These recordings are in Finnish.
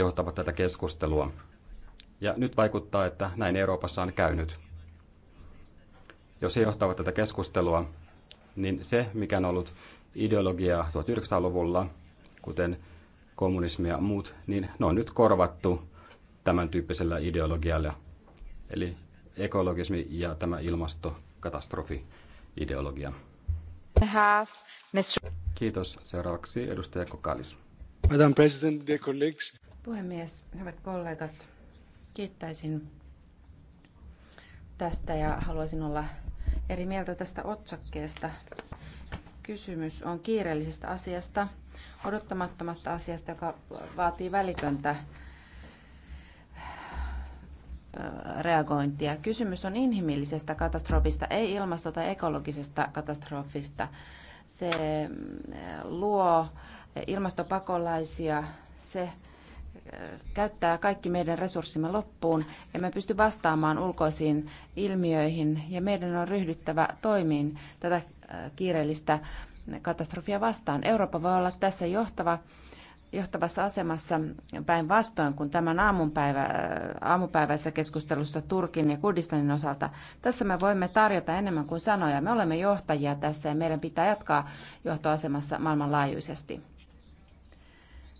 johtavat tätä keskustelua. Ja nyt vaikuttaa, että näin Euroopassa on käynyt. Jos he johtavat tätä keskustelua, niin se, mikä on ollut ideologiaa 1900-luvulla, kuten kommunismi ja muut, niin ne on nyt korvattu tämän tyyppisellä ideologialla. Eli ekologismi ja tämä ilmastokatastrofi-ideologia. Kiitos. Seuraavaksi edustaja Kokalis. Madam President, dear colleagues. Puhemies, hyvät kollegat, kiittäisin tästä ja haluaisin olla eri mieltä tästä otsakkeesta. Kysymys on kiireellisestä asiasta, odottamattomasta asiasta, joka vaatii välitöntä reagointia. Kysymys on inhimillisestä katastrofista, ei ilmasto- tai ekologisesta katastrofista. Se mm, luo ilmastopakolaisia, se käyttää kaikki meidän resurssimme loppuun, emme pysty vastaamaan ulkoisiin ilmiöihin ja meidän on ryhdyttävä toimiin tätä äh, kiireellistä katastrofia vastaan. Eurooppa voi olla tässä johtava, johtavassa asemassa päinvastoin kuin tämän aamupäivä, äh, aamupäiväisessä keskustelussa Turkin ja Kurdistanin osalta. Tässä me voimme tarjota enemmän kuin sanoja. Me olemme johtajia tässä ja meidän pitää jatkaa johtoasemassa maailmanlaajuisesti.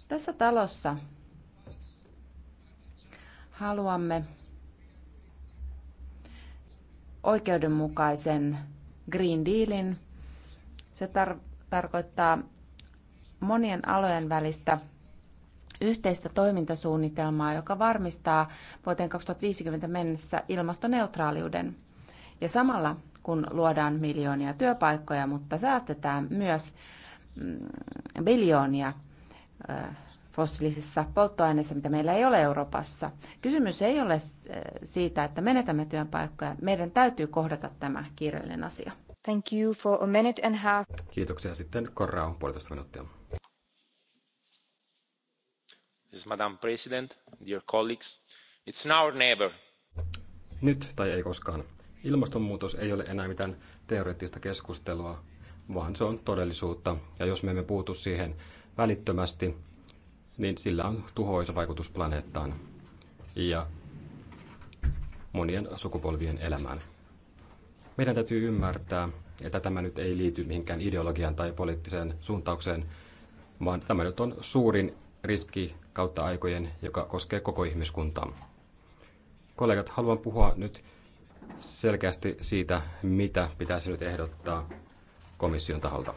Tässä talossa Haluamme oikeudenmukaisen Green Dealin. Se tar- tarkoittaa monien alojen välistä yhteistä toimintasuunnitelmaa, joka varmistaa vuoteen 2050 mennessä ilmastoneutraaliuden. Ja samalla kun luodaan miljoonia työpaikkoja, mutta säästetään myös mm, biljoonia fossiilisissa polttoaineissa, mitä meillä ei ole Euroopassa. Kysymys ei ole äh, siitä, että menetämme työpaikkoja. Meidän täytyy kohdata tämä kiireellinen asia. Thank you for a minute and a half. Kiitoksia. Sitten Korra on puolitoista minuuttia. This is Madam President, dear colleagues. It's now or never. Nyt tai ei koskaan. Ilmastonmuutos ei ole enää mitään teoreettista keskustelua, vaan se on todellisuutta. Ja jos me emme puutu siihen välittömästi, niin sillä on tuhoisa vaikutus planeettaan ja monien sukupolvien elämään. Meidän täytyy ymmärtää, että tämä nyt ei liity mihinkään ideologian tai poliittiseen suuntaukseen, vaan tämä nyt on suurin riski kautta aikojen, joka koskee koko ihmiskuntaa. Kollegat, haluan puhua nyt selkeästi siitä, mitä pitäisi nyt ehdottaa komission taholta.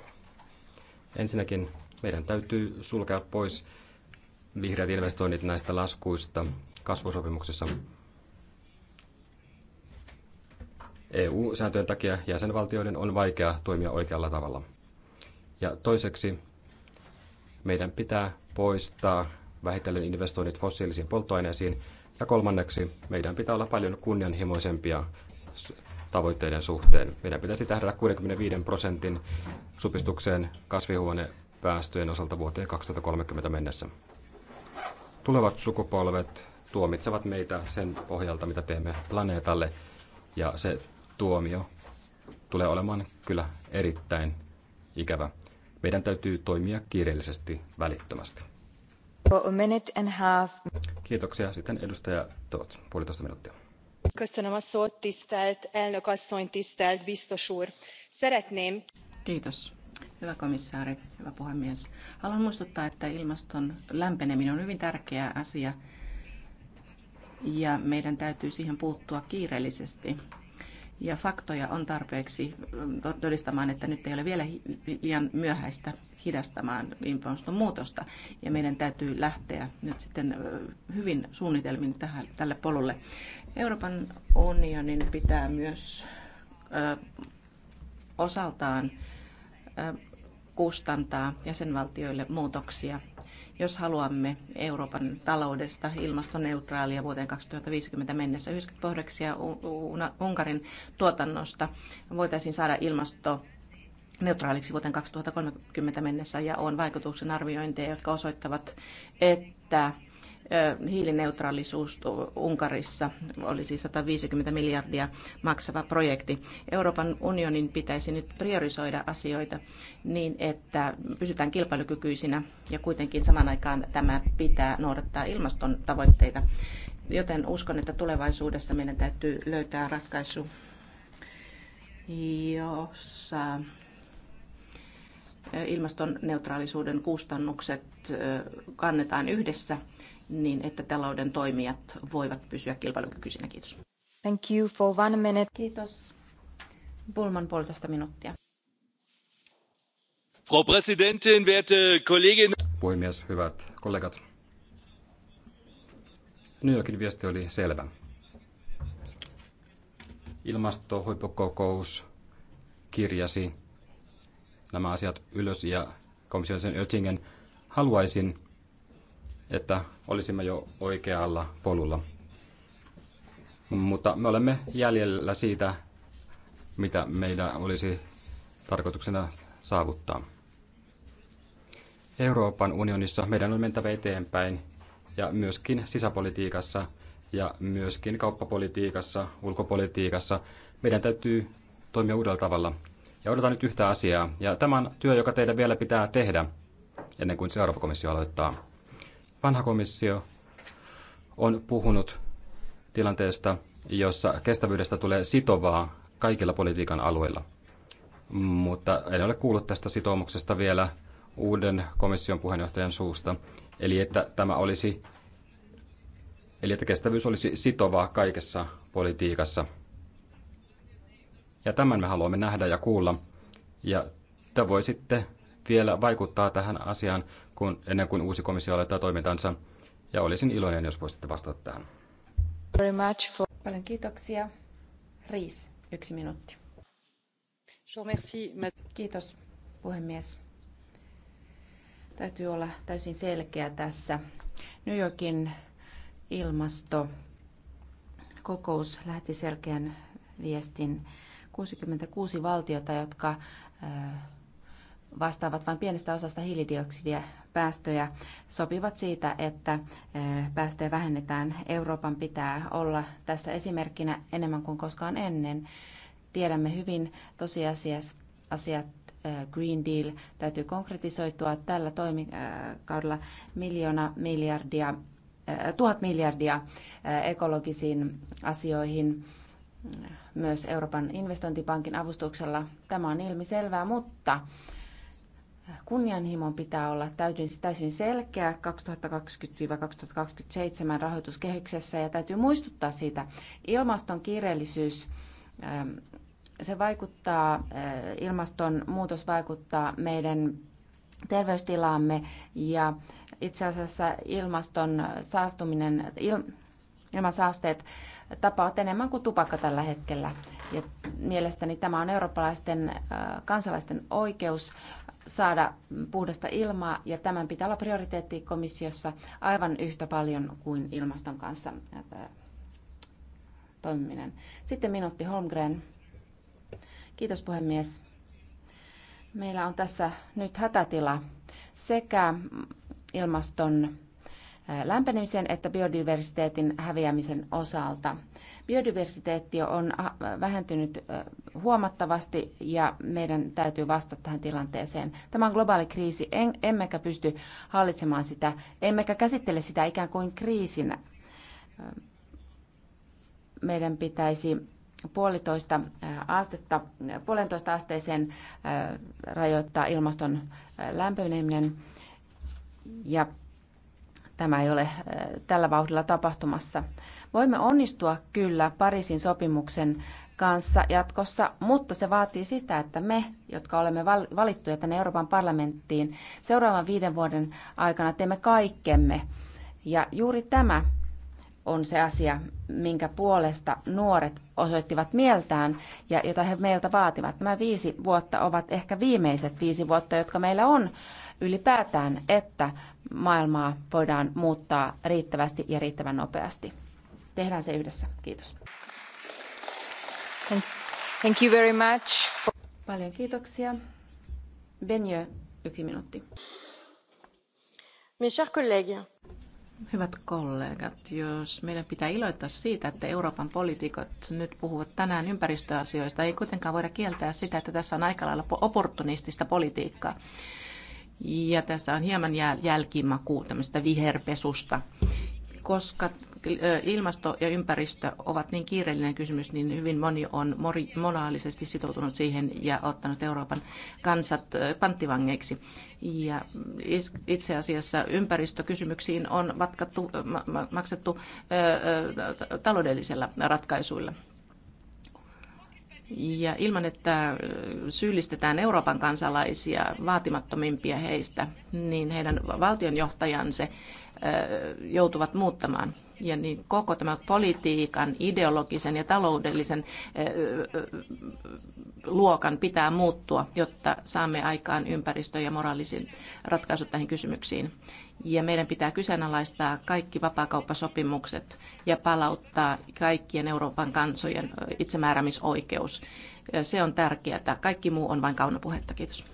Ensinnäkin meidän täytyy sulkea pois vihreät investoinnit näistä laskuista kasvusopimuksessa. EU-sääntöjen takia jäsenvaltioiden on vaikea toimia oikealla tavalla. Ja toiseksi meidän pitää poistaa vähitellen investoinnit fossiilisiin polttoaineisiin. Ja kolmanneksi meidän pitää olla paljon kunnianhimoisempia tavoitteiden suhteen. Meidän pitäisi tähdätä 65 prosentin supistukseen kasvihuonepäästöjen osalta vuoteen 2030 mennessä. Tulevat sukupolvet tuomitsevat meitä sen pohjalta, mitä teemme planeetalle, ja se tuomio tulee olemaan kyllä erittäin ikävä. Meidän täytyy toimia kiireellisesti välittömästi. A minute and half. Kiitoksia. Sitten edustaja Tot, puolitoista minuuttia. Köszönöm a szót, tisztelt elnök asszony, tisztelt biztos úr. Szeretném... Kiitos, Hyvä komissaari, hyvä puhemies. Haluan muistuttaa, että ilmaston lämpeneminen on hyvin tärkeä asia ja meidän täytyy siihen puuttua kiireellisesti. Ja faktoja on tarpeeksi mm, todistamaan, että nyt ei ole vielä liian myöhäistä hidastamaan ilmaston muutosta Ja meidän täytyy lähteä nyt sitten hyvin suunnitelmin tähän, tälle polulle. Euroopan unionin pitää myös ö, osaltaan kustantaa jäsenvaltioille muutoksia, jos haluamme Euroopan taloudesta ilmastoneutraalia vuoteen 2050 mennessä. 90 prosenttia Unkarin tuotannosta voitaisiin saada ilmasto neutraaliksi vuoteen 2030 mennessä ja on vaikutuksen arviointeja, jotka osoittavat, että hiilineutraalisuus Unkarissa olisi siis 150 miljardia maksava projekti. Euroopan unionin pitäisi nyt priorisoida asioita niin, että pysytään kilpailukykyisinä ja kuitenkin saman aikaan tämä pitää noudattaa ilmaston tavoitteita. Joten uskon, että tulevaisuudessa meidän täytyy löytää ratkaisu, jossa ilmastoneutraalisuuden kustannukset kannetaan yhdessä niin, että talouden toimijat voivat pysyä kilpailukykyisinä. Kiitos. Thank you for one minute. Kiitos. Bulman puolitoista minuuttia. Frau Präsidentin, werte Kollegin. Puhemies, hyvät kollegat. New Yorkin viesti oli selvä. Ilmastohuippukokous kirjasi nämä asiat ylös ja komission sen Oettingen haluaisin, että olisimme jo oikealla polulla. Mutta me olemme jäljellä siitä, mitä meidän olisi tarkoituksena saavuttaa. Euroopan unionissa meidän on mentävä eteenpäin ja myöskin sisäpolitiikassa ja myöskin kauppapolitiikassa, ulkopolitiikassa. Meidän täytyy toimia uudella tavalla. Ja odotan nyt yhtä asiaa. Ja tämä on työ, joka teidän vielä pitää tehdä ennen kuin seuraava komissio aloittaa vanha komissio on puhunut tilanteesta, jossa kestävyydestä tulee sitovaa kaikilla politiikan alueilla. Mutta en ole kuullut tästä sitoumuksesta vielä uuden komission puheenjohtajan suusta. Eli että tämä olisi, eli että kestävyys olisi sitovaa kaikessa politiikassa. Ja tämän me haluamme nähdä ja kuulla. Ja te voisitte vielä vaikuttaa tähän asiaan kun, ennen kuin uusi komissio aloittaa toimintansa. Ja olisin iloinen, jos voisitte vastata tähän. Very much for... Paljon kiitoksia. Riis, yksi minuutti. Kiitos, puhemies. Täytyy olla täysin selkeä tässä. New Yorkin ilmastokokous lähti selkeän viestin 66 valtiota, jotka vastaavat vain pienestä osasta hiilidioksidia päästöjä, sopivat siitä, että eh, päästöjä vähennetään. Euroopan pitää olla tässä esimerkkinä enemmän kuin koskaan ennen. Tiedämme hyvin tosiasiassa asiat eh, Green Deal täytyy konkretisoitua tällä toimikaudella miljoona miljardia, eh, tuhat miljardia ekologisiin asioihin myös Euroopan investointipankin avustuksella. Tämä on ilmiselvää, mutta Kunnianhimon pitää olla täysin, täysin selkeä 2020-2027 rahoituskehyksessä ja täytyy muistuttaa siitä. Ilmaston kiireellisyys, ähm, se vaikuttaa, äh, ilmastonmuutos vaikuttaa meidän terveystilaamme ja itse asiassa ilmaston saastuminen, il, ilmansaasteet tapaavat enemmän kuin tupakka tällä hetkellä. Ja mielestäni tämä on eurooppalaisten äh, kansalaisten oikeus saada puhdasta ilmaa ja tämän pitää olla prioriteetti komissiossa aivan yhtä paljon kuin ilmaston kanssa toimiminen. Sitten minuutti Holmgren. Kiitos puhemies. Meillä on tässä nyt hätätila sekä ilmaston lämpenemisen että biodiversiteetin häviämisen osalta. Biodiversiteetti on äh, vähentynyt äh, huomattavasti ja meidän täytyy vastata tähän tilanteeseen. Tämä on globaali kriisi, emmekä pysty hallitsemaan sitä, emmekä käsittele sitä ikään kuin kriisinä. Äh, meidän pitäisi puolitoista astetta, puolentoista asteeseen rajoittaa ilmaston lämpeneminen ja Tämä ei ole tällä vauhdilla tapahtumassa. Voimme onnistua kyllä Pariisin sopimuksen kanssa jatkossa, mutta se vaatii sitä, että me, jotka olemme valittuja tänne Euroopan parlamenttiin, seuraavan viiden vuoden aikana teemme kaikkemme. Ja juuri tämä on se asia, minkä puolesta nuoret osoittivat mieltään ja jota he meiltä vaativat. Nämä viisi vuotta ovat ehkä viimeiset viisi vuotta, jotka meillä on ylipäätään, että maailmaa voidaan muuttaa riittävästi ja riittävän nopeasti. Tehdään se yhdessä. Kiitos. Thank you very much. Paljon kiitoksia. Benjö, yksi minuutti. Mes chers collègues, Hyvät kollegat, jos meidän pitää iloittaa siitä, että Euroopan poliitikot nyt puhuvat tänään ympäristöasioista, ei kuitenkaan voida kieltää sitä, että tässä on aika lailla opportunistista politiikkaa. Ja tässä on hieman jäl- jälkimakuu tämmöistä viherpesusta koska ilmasto ja ympäristö ovat niin kiireellinen kysymys, niin hyvin moni on moraalisesti sitoutunut siihen ja ottanut Euroopan kansat panttivangeiksi. Ja itse asiassa ympäristökysymyksiin on matkattu, maksettu taloudellisilla ratkaisuilla. Ja ilman, että syyllistetään Euroopan kansalaisia vaatimattomimpia heistä, niin heidän valtionjohtajansa joutuvat muuttamaan. Ja niin koko tämä politiikan, ideologisen ja taloudellisen luokan pitää muuttua, jotta saamme aikaan ympäristö- ja moraalisin ratkaisut näihin kysymyksiin. Ja meidän pitää kyseenalaistaa kaikki vapaakauppasopimukset ja palauttaa kaikkien Euroopan kansojen itsemääräämisoikeus. Se on tärkeää. Kaikki muu on vain kaunopuhetta. Kiitos.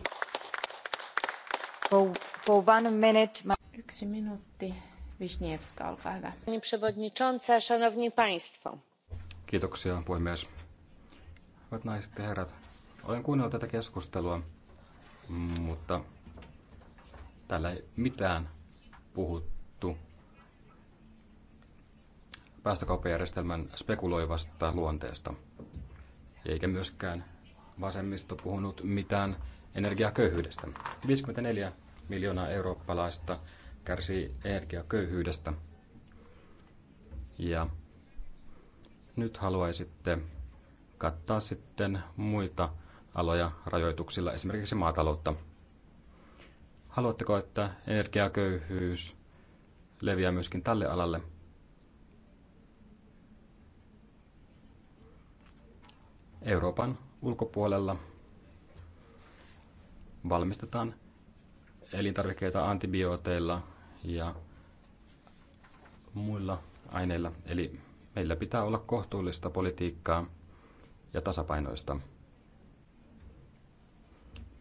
For, Yksi minuutti. Przewodnicząca, szanowni państwo. Kiitoksia, puhemies. Hyvät naiset ja herrat, olen kuunnellut tätä keskustelua, mutta täällä ei mitään puhuttu päästökauppajärjestelmän spekuloivasta luonteesta. Eikä myöskään vasemmisto puhunut mitään energiaköyhyydestä. 54 miljoonaa eurooppalaista kärsii energiaköyhyydestä. Ja nyt haluaisitte kattaa sitten muita aloja rajoituksilla, esimerkiksi maataloutta. Haluatteko, että energiaköyhyys leviää myöskin tälle alalle? Euroopan ulkopuolella valmistetaan elintarvikkeita antibiooteilla ja muilla aineilla. Eli meillä pitää olla kohtuullista politiikkaa ja tasapainoista.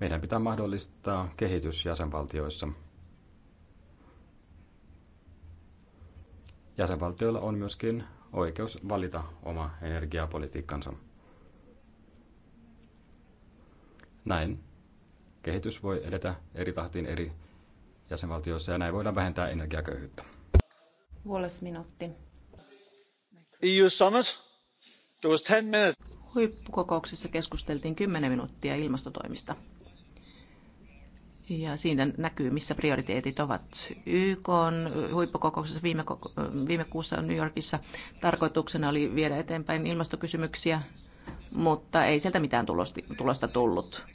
Meidän pitää mahdollistaa kehitys jäsenvaltioissa. Jäsenvaltioilla on myöskin oikeus valita oma energiapolitiikkansa. Näin Kehitys voi edetä eri tahtiin eri jäsenvaltioissa ja näin voidaan vähentää energiaköyhyyttä. Puoles minuutti. EU Summit. was 10 minutes. Huippukokouksessa keskusteltiin 10 minuuttia ilmastotoimista. Ja siinä näkyy, missä prioriteetit ovat. YK on huippukokouksessa viime, viime kuussa New Yorkissa tarkoituksena oli viedä eteenpäin ilmastokysymyksiä, mutta ei sieltä mitään tulosta tullut.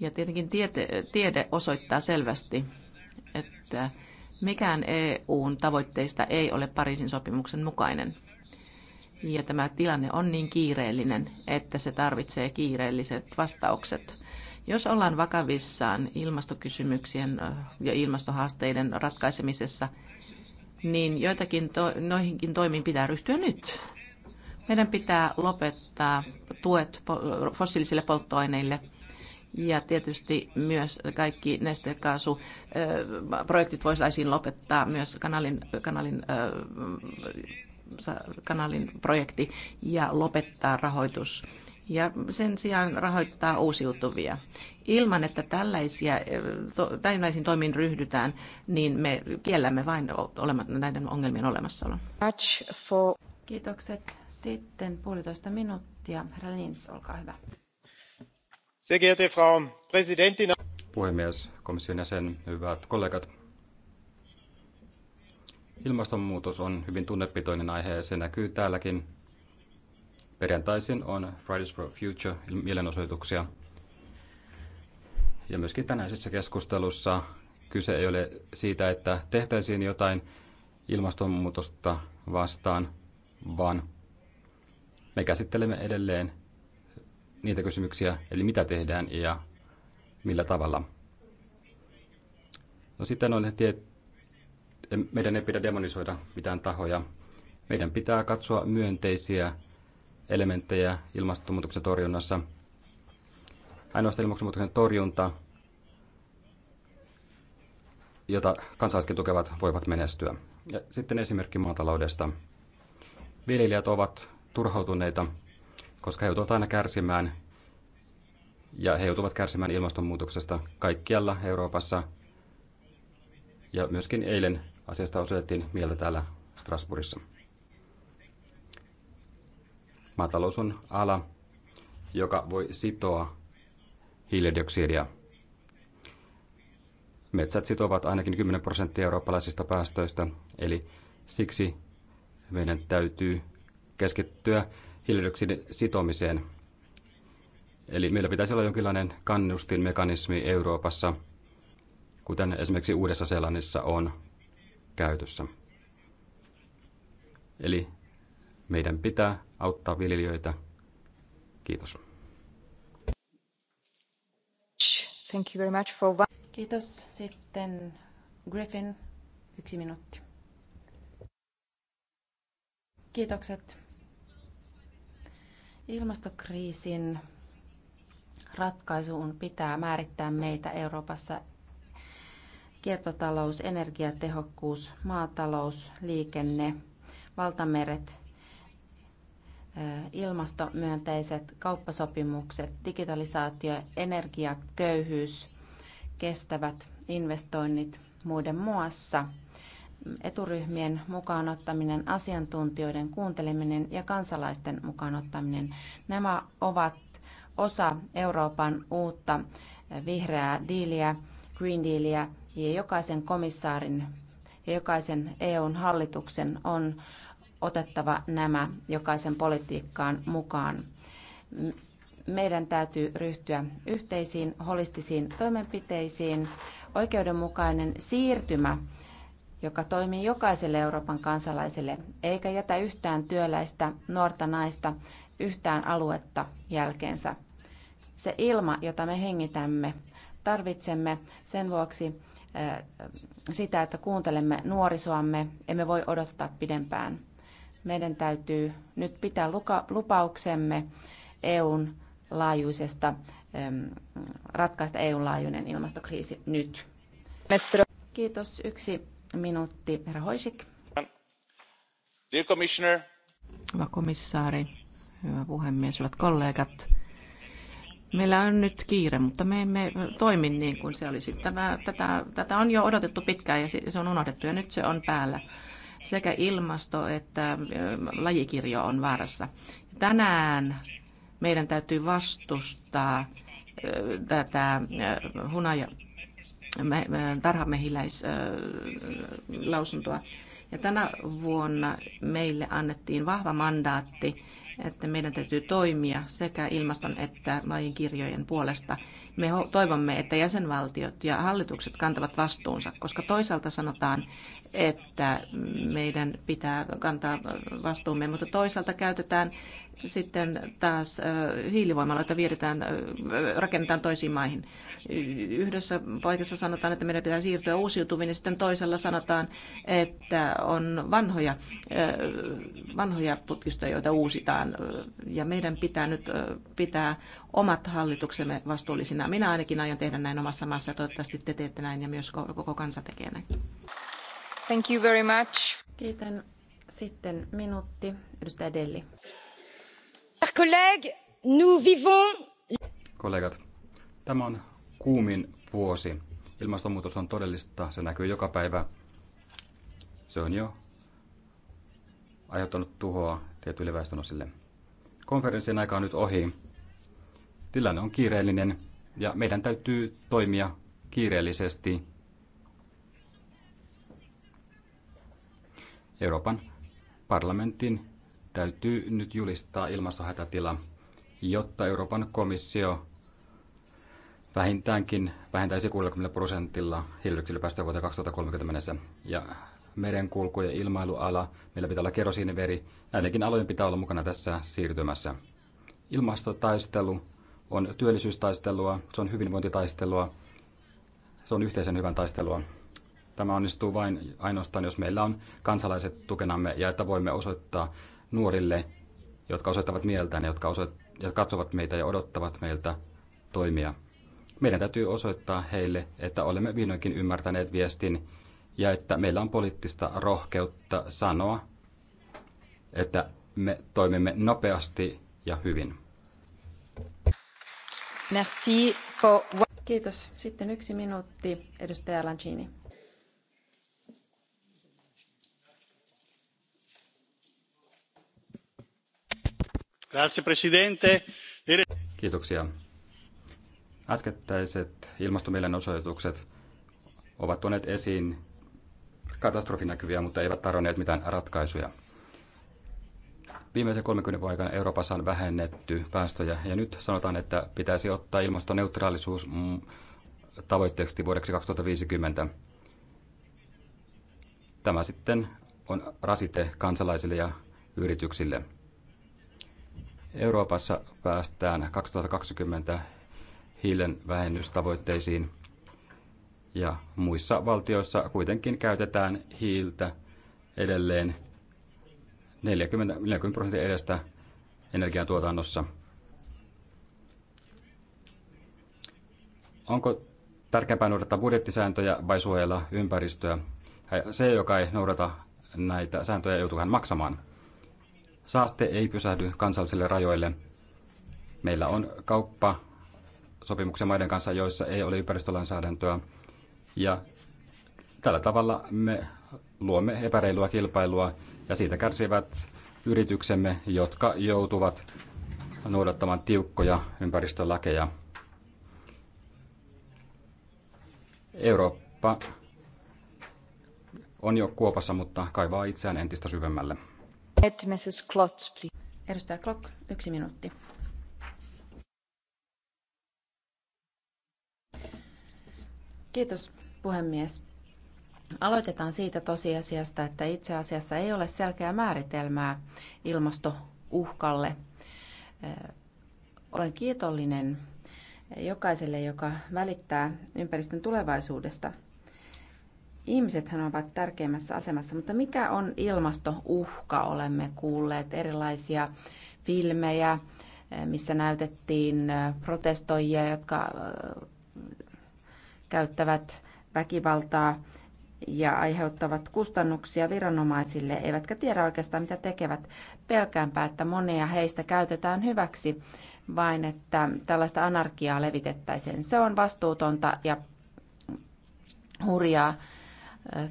Ja tietenkin tiete, tiede osoittaa selvästi, että mikään EUn tavoitteista ei ole Pariisin sopimuksen mukainen. Ja tämä tilanne on niin kiireellinen, että se tarvitsee kiireelliset vastaukset. Jos ollaan vakavissaan ilmastokysymyksien ja ilmastohaasteiden ratkaisemisessa, niin joitakin to- noihinkin toimiin pitää ryhtyä nyt. Meidän pitää lopettaa tuet fossiilisille polttoaineille – ja tietysti myös kaikki nestekaasuprojektit voisaisiin lopettaa, myös kanalin, kanalin, kanalin projekti ja lopettaa rahoitus ja sen sijaan rahoittaa uusiutuvia. Ilman, että tällaisia, tällaisiin toimiin ryhdytään, niin me kiellämme vain näiden ongelmien olemassaolon. Kiitokset. Sitten puolitoista minuuttia. Herra Lins, olkaa hyvä. Puhemies, komission jäsen, hyvät kollegat. Ilmastonmuutos on hyvin tunnepitoinen aihe ja se näkyy täälläkin. Perjantaisin on Fridays for Future mielenosoituksia. Ja myöskin tänäisessä keskustelussa kyse ei ole siitä, että tehtäisiin jotain ilmastonmuutosta vastaan, vaan me käsittelemme edelleen niitä kysymyksiä, eli mitä tehdään ja millä tavalla. No sitten on tiet... meidän ei pidä demonisoida mitään tahoja. Meidän pitää katsoa myönteisiä elementtejä ilmastonmuutoksen torjunnassa. Ainoastaan ilmastonmuutoksen torjunta, jota kansalaisetkin tukevat, voivat menestyä. Ja sitten esimerkki maataloudesta. Viljelijät ovat turhautuneita koska he joutuvat aina kärsimään ja he joutuvat kärsimään ilmastonmuutoksesta kaikkialla Euroopassa. Ja myöskin eilen asiasta osoitettiin mieltä täällä Strasbourgissa. Maatalous on ala, joka voi sitoa hiilidioksidia. Metsät sitovat ainakin 10 prosenttia eurooppalaisista päästöistä, eli siksi meidän täytyy keskittyä hiilidioksidin sitomiseen. Eli meillä pitäisi olla jonkinlainen kannustinmekanismi Euroopassa, kuten esimerkiksi Uudessa Seelannissa on käytössä. Eli meidän pitää auttaa viljelijöitä. Kiitos. Thank you very much for... Kiitos. Sitten Griffin, yksi minuutti. Kiitokset Ilmastokriisin ratkaisuun pitää määrittää meitä Euroopassa kiertotalous, energiatehokkuus, maatalous, liikenne, valtameret, ilmastomyönteiset kauppasopimukset, digitalisaatio, energiaköyhyys, kestävät investoinnit muiden muassa eturyhmien mukaanottaminen, asiantuntijoiden kuunteleminen ja kansalaisten mukaanottaminen. Nämä ovat osa Euroopan uutta vihreää diiliä, Green Dealia ja jokaisen komissaarin ja jokaisen EUn hallituksen on otettava nämä jokaisen politiikkaan mukaan. Meidän täytyy ryhtyä yhteisiin holistisiin toimenpiteisiin. Oikeudenmukainen siirtymä joka toimii jokaiselle Euroopan kansalaiselle, eikä jätä yhtään työläistä, nuorta naista, yhtään aluetta jälkeensä. Se ilma, jota me hengitämme, tarvitsemme sen vuoksi sitä, että kuuntelemme nuorisoamme, emme voi odottaa pidempään. Meidän täytyy nyt pitää lupauksemme EUn laajuisesta, ratkaista EUn laajuinen ilmastokriisi nyt. Kiitos. Yksi Minuutti, herra Hoisik. Hyvä komissaari, hyvä puhemies, hyvät kollegat. Meillä on nyt kiire, mutta me emme toimi niin kuin se olisi. Tämä, tätä, tätä on jo odotettu pitkään ja se on unohdettu ja nyt se on päällä. Sekä ilmasto että äh, lajikirjo on vaarassa. Tänään meidän täytyy vastustaa äh, tätä äh, hunaja, tarhamehiläislausuntoa. Ja tänä vuonna meille annettiin vahva mandaatti, että meidän täytyy toimia sekä ilmaston että lajin kirjojen puolesta. Me toivomme, että jäsenvaltiot ja hallitukset kantavat vastuunsa, koska toisaalta sanotaan, että meidän pitää kantaa vastuumme, mutta toisaalta käytetään sitten taas hiilivoimaloita viedetään, rakennetaan toisiin maihin. Yhdessä paikassa sanotaan, että meidän pitää siirtyä uusiutuviin, ja sitten toisella sanotaan, että on vanhoja, vanhoja putkistoja, joita uusitaan, ja meidän pitää nyt pitää omat hallituksemme vastuullisina. Minä ainakin aion tehdä näin omassa maassa, ja toivottavasti te teette näin, ja myös koko kansa tekee näin. Thank you very much. Kiitän. Sitten minuutti, edustaja Delli. Kollegat, tämä on kuumin vuosi. Ilmastonmuutos on todellista, se näkyy joka päivä. Se on jo aiheuttanut tuhoa tietyille väestönosille. Konferenssin aika on nyt ohi. Tilanne on kiireellinen ja meidän täytyy toimia kiireellisesti Euroopan parlamentin täytyy nyt julistaa ilmastohätätila, jotta Euroopan komissio vähintäänkin vähentäisi 60 prosentilla hiilidioksidipäästöjä vuoteen 2030 mennessä. Ja merenkulku ja ilmailuala, meillä pitää olla kerosiiniveri, näidenkin alojen pitää olla mukana tässä siirtymässä. Ilmastotaistelu on työllisyystaistelua, se on hyvinvointitaistelua, se on yhteisen hyvän taistelua. Tämä onnistuu vain ainoastaan, jos meillä on kansalaiset tukenamme ja että voimme osoittaa nuorille, jotka osoittavat mieltään, jotka, osoitt- ja katsovat meitä ja odottavat meiltä toimia. Meidän täytyy osoittaa heille, että olemme vihdoinkin ymmärtäneet viestin ja että meillä on poliittista rohkeutta sanoa, että me toimimme nopeasti ja hyvin. Merci for... Kiitos. Sitten yksi minuutti, edustaja Lancini. Kiitoksia. Äskettäiset ilmastomielenosoitukset ovat tuoneet esiin katastrofinäkyviä, mutta eivät tarjonneet mitään ratkaisuja. Viimeisen 30 vuoden aikana Euroopassa on vähennetty päästöjä ja nyt sanotaan, että pitäisi ottaa ilmastoneutraalisuus tavoitteeksi vuodeksi 2050. Tämä sitten on rasite kansalaisille ja yrityksille. Euroopassa päästään 2020 hiilen vähennystavoitteisiin ja muissa valtioissa kuitenkin käytetään hiiltä edelleen 40, 40 prosentin edestä energiantuotannossa. Onko tärkeämpää noudattaa budjettisääntöjä vai suojella ympäristöä? Se, joka ei noudata näitä sääntöjä, joutuu hän maksamaan. Saaste ei pysähdy kansallisille rajoille. Meillä on kauppa sopimuksia maiden kanssa, joissa ei ole ympäristölainsäädäntöä. Ja tällä tavalla me luomme epäreilua kilpailua ja siitä kärsivät yrityksemme, jotka joutuvat noudattamaan tiukkoja ympäristölakeja. Eurooppa on jo kuopassa, mutta kaivaa itseään entistä syvemmälle arvoisa Klotz, Kiitos, puhemies. Aloitetaan siitä tosiasiasta, että itse asiassa ei ole selkeää määritelmää ilmastouhkalle. Olen kiitollinen jokaiselle, joka välittää ympäristön tulevaisuudesta – Ihmisethän ovat tärkeimmässä asemassa, mutta mikä on ilmastouhka? Olemme kuulleet erilaisia filmejä, missä näytettiin protestoijia, jotka käyttävät väkivaltaa ja aiheuttavat kustannuksia viranomaisille, eivätkä tiedä oikeastaan mitä tekevät. Pelkäänpä, että monia heistä käytetään hyväksi, vain että tällaista anarkiaa levitettäisiin. Se on vastuutonta ja hurjaa.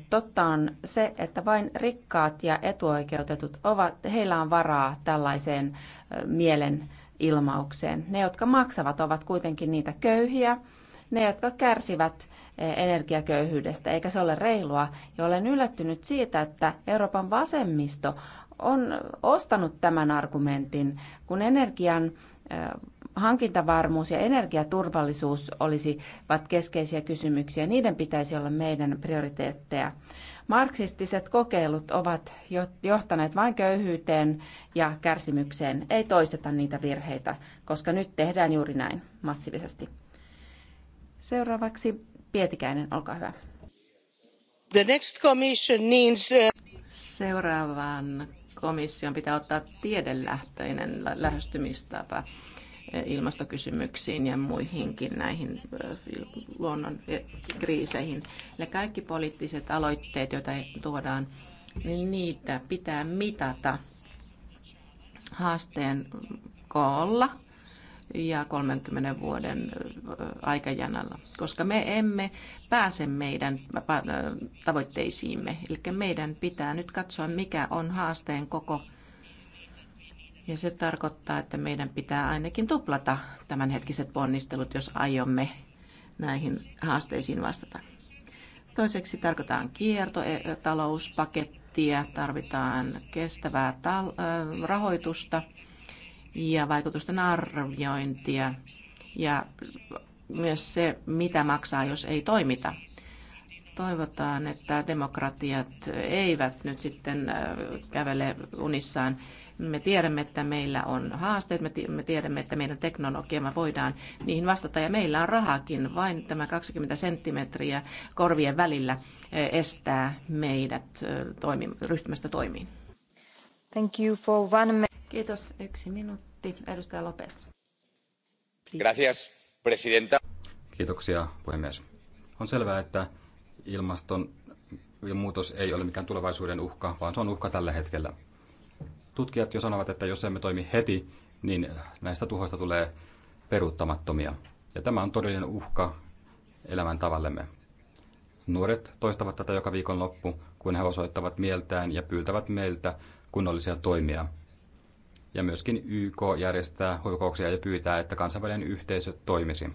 Totta on se, että vain rikkaat ja etuoikeutetut ovat, heillä on varaa tällaiseen mielen ilmaukseen. Ne, jotka maksavat, ovat kuitenkin niitä köyhiä, ne, jotka kärsivät energiaköyhyydestä, eikä se ole reilua. Ja olen yllättynyt siitä, että Euroopan vasemmisto on ostanut tämän argumentin, kun energian hankintavarmuus ja energiaturvallisuus olisivat keskeisiä kysymyksiä. Niiden pitäisi olla meidän prioriteetteja. Marksistiset kokeilut ovat johtaneet vain köyhyyteen ja kärsimykseen. Ei toisteta niitä virheitä, koska nyt tehdään juuri näin massiivisesti. Seuraavaksi Pietikäinen, olkaa hyvä. The next commission needs... Uh, Seuraavan komission pitää ottaa tiedelähtöinen lähestymistapa ilmastokysymyksiin ja muihinkin näihin luonnon kriiseihin. Eli kaikki poliittiset aloitteet, joita tuodaan, niin niitä pitää mitata haasteen koolla ja 30 vuoden aikajanalla, koska me emme pääse meidän tavoitteisiimme. Eli meidän pitää nyt katsoa, mikä on haasteen koko ja se tarkoittaa, että meidän pitää ainakin tuplata tämänhetkiset ponnistelut, jos aiomme näihin haasteisiin vastata. Toiseksi tarkoitaan kiertotalouspakettia, tarvitaan kestävää rahoitusta ja vaikutusten arviointia ja myös se, mitä maksaa, jos ei toimita. Toivotaan, että demokratiat eivät nyt sitten kävele unissaan me tiedämme, että meillä on haasteet, me tiedämme, että meidän teknologiamme voidaan niihin vastata ja meillä on rahakin, vain tämä 20 senttimetriä korvien välillä eh, estää meidät eh, toimi- ryhtymästä toimiin. Thank you for one Kiitos. Yksi minuutti. Edustaja Lopes. Gracias, presidenta. Kiitoksia, puhemies. On selvää, että ilmaston muutos ei ole mikään tulevaisuuden uhka, vaan se on uhka tällä hetkellä tutkijat jo sanovat, että jos emme toimi heti, niin näistä tuhoista tulee peruuttamattomia. Ja tämä on todellinen uhka elämäntavallemme. Nuoret toistavat tätä joka viikon loppu, kun he osoittavat mieltään ja pyytävät meiltä kunnollisia toimia. Ja myöskin YK järjestää huikouksia ja pyytää, että kansainvälinen yhteisö toimisi.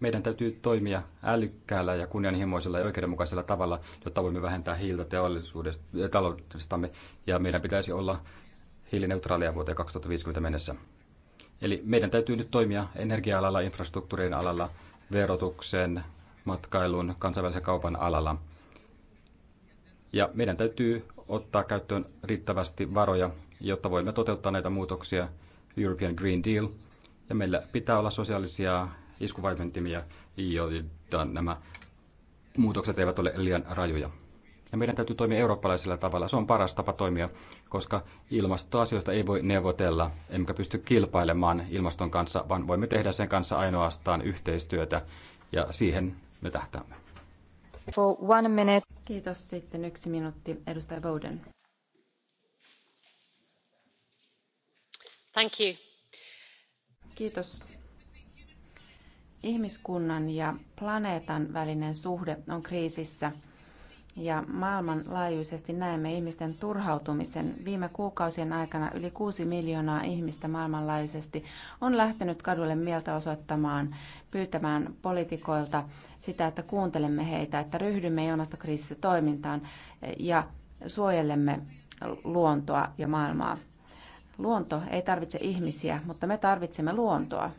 Meidän täytyy toimia älykkäällä ja kunnianhimoisella ja oikeudenmukaisella tavalla, jotta voimme vähentää hiiltä teollisuudesta, taloudestamme, ja meidän pitäisi olla hiilineutraalia vuoteen 2050 mennessä. Eli meidän täytyy nyt toimia energia-alalla, infrastruktuurin alalla, verotuksen, matkailun, kansainvälisen kaupan alalla. Ja meidän täytyy ottaa käyttöön riittävästi varoja, jotta voimme toteuttaa näitä muutoksia, European Green Deal, ja meillä pitää olla sosiaalisia iskuvaimentimia, joita nämä muutokset eivät ole liian rajuja. Ja meidän täytyy toimia eurooppalaisella tavalla. Se on paras tapa toimia, koska ilmastoasioista ei voi neuvotella, emmekä pysty kilpailemaan ilmaston kanssa, vaan voimme tehdä sen kanssa ainoastaan yhteistyötä, ja siihen me tähtäämme. For one minute. Kiitos. Sitten yksi minuutti. Edustaja Bowden. Thank you. Kiitos. Ihmiskunnan ja planeetan välinen suhde on kriisissä ja maailmanlaajuisesti näemme ihmisten turhautumisen. Viime kuukausien aikana yli 6 miljoonaa ihmistä maailmanlaajuisesti on lähtenyt kadulle mieltä osoittamaan, pyytämään poliitikoilta sitä, että kuuntelemme heitä, että ryhdymme ilmastokriisissä toimintaan ja suojelemme luontoa ja maailmaa. Luonto ei tarvitse ihmisiä, mutta me tarvitsemme luontoa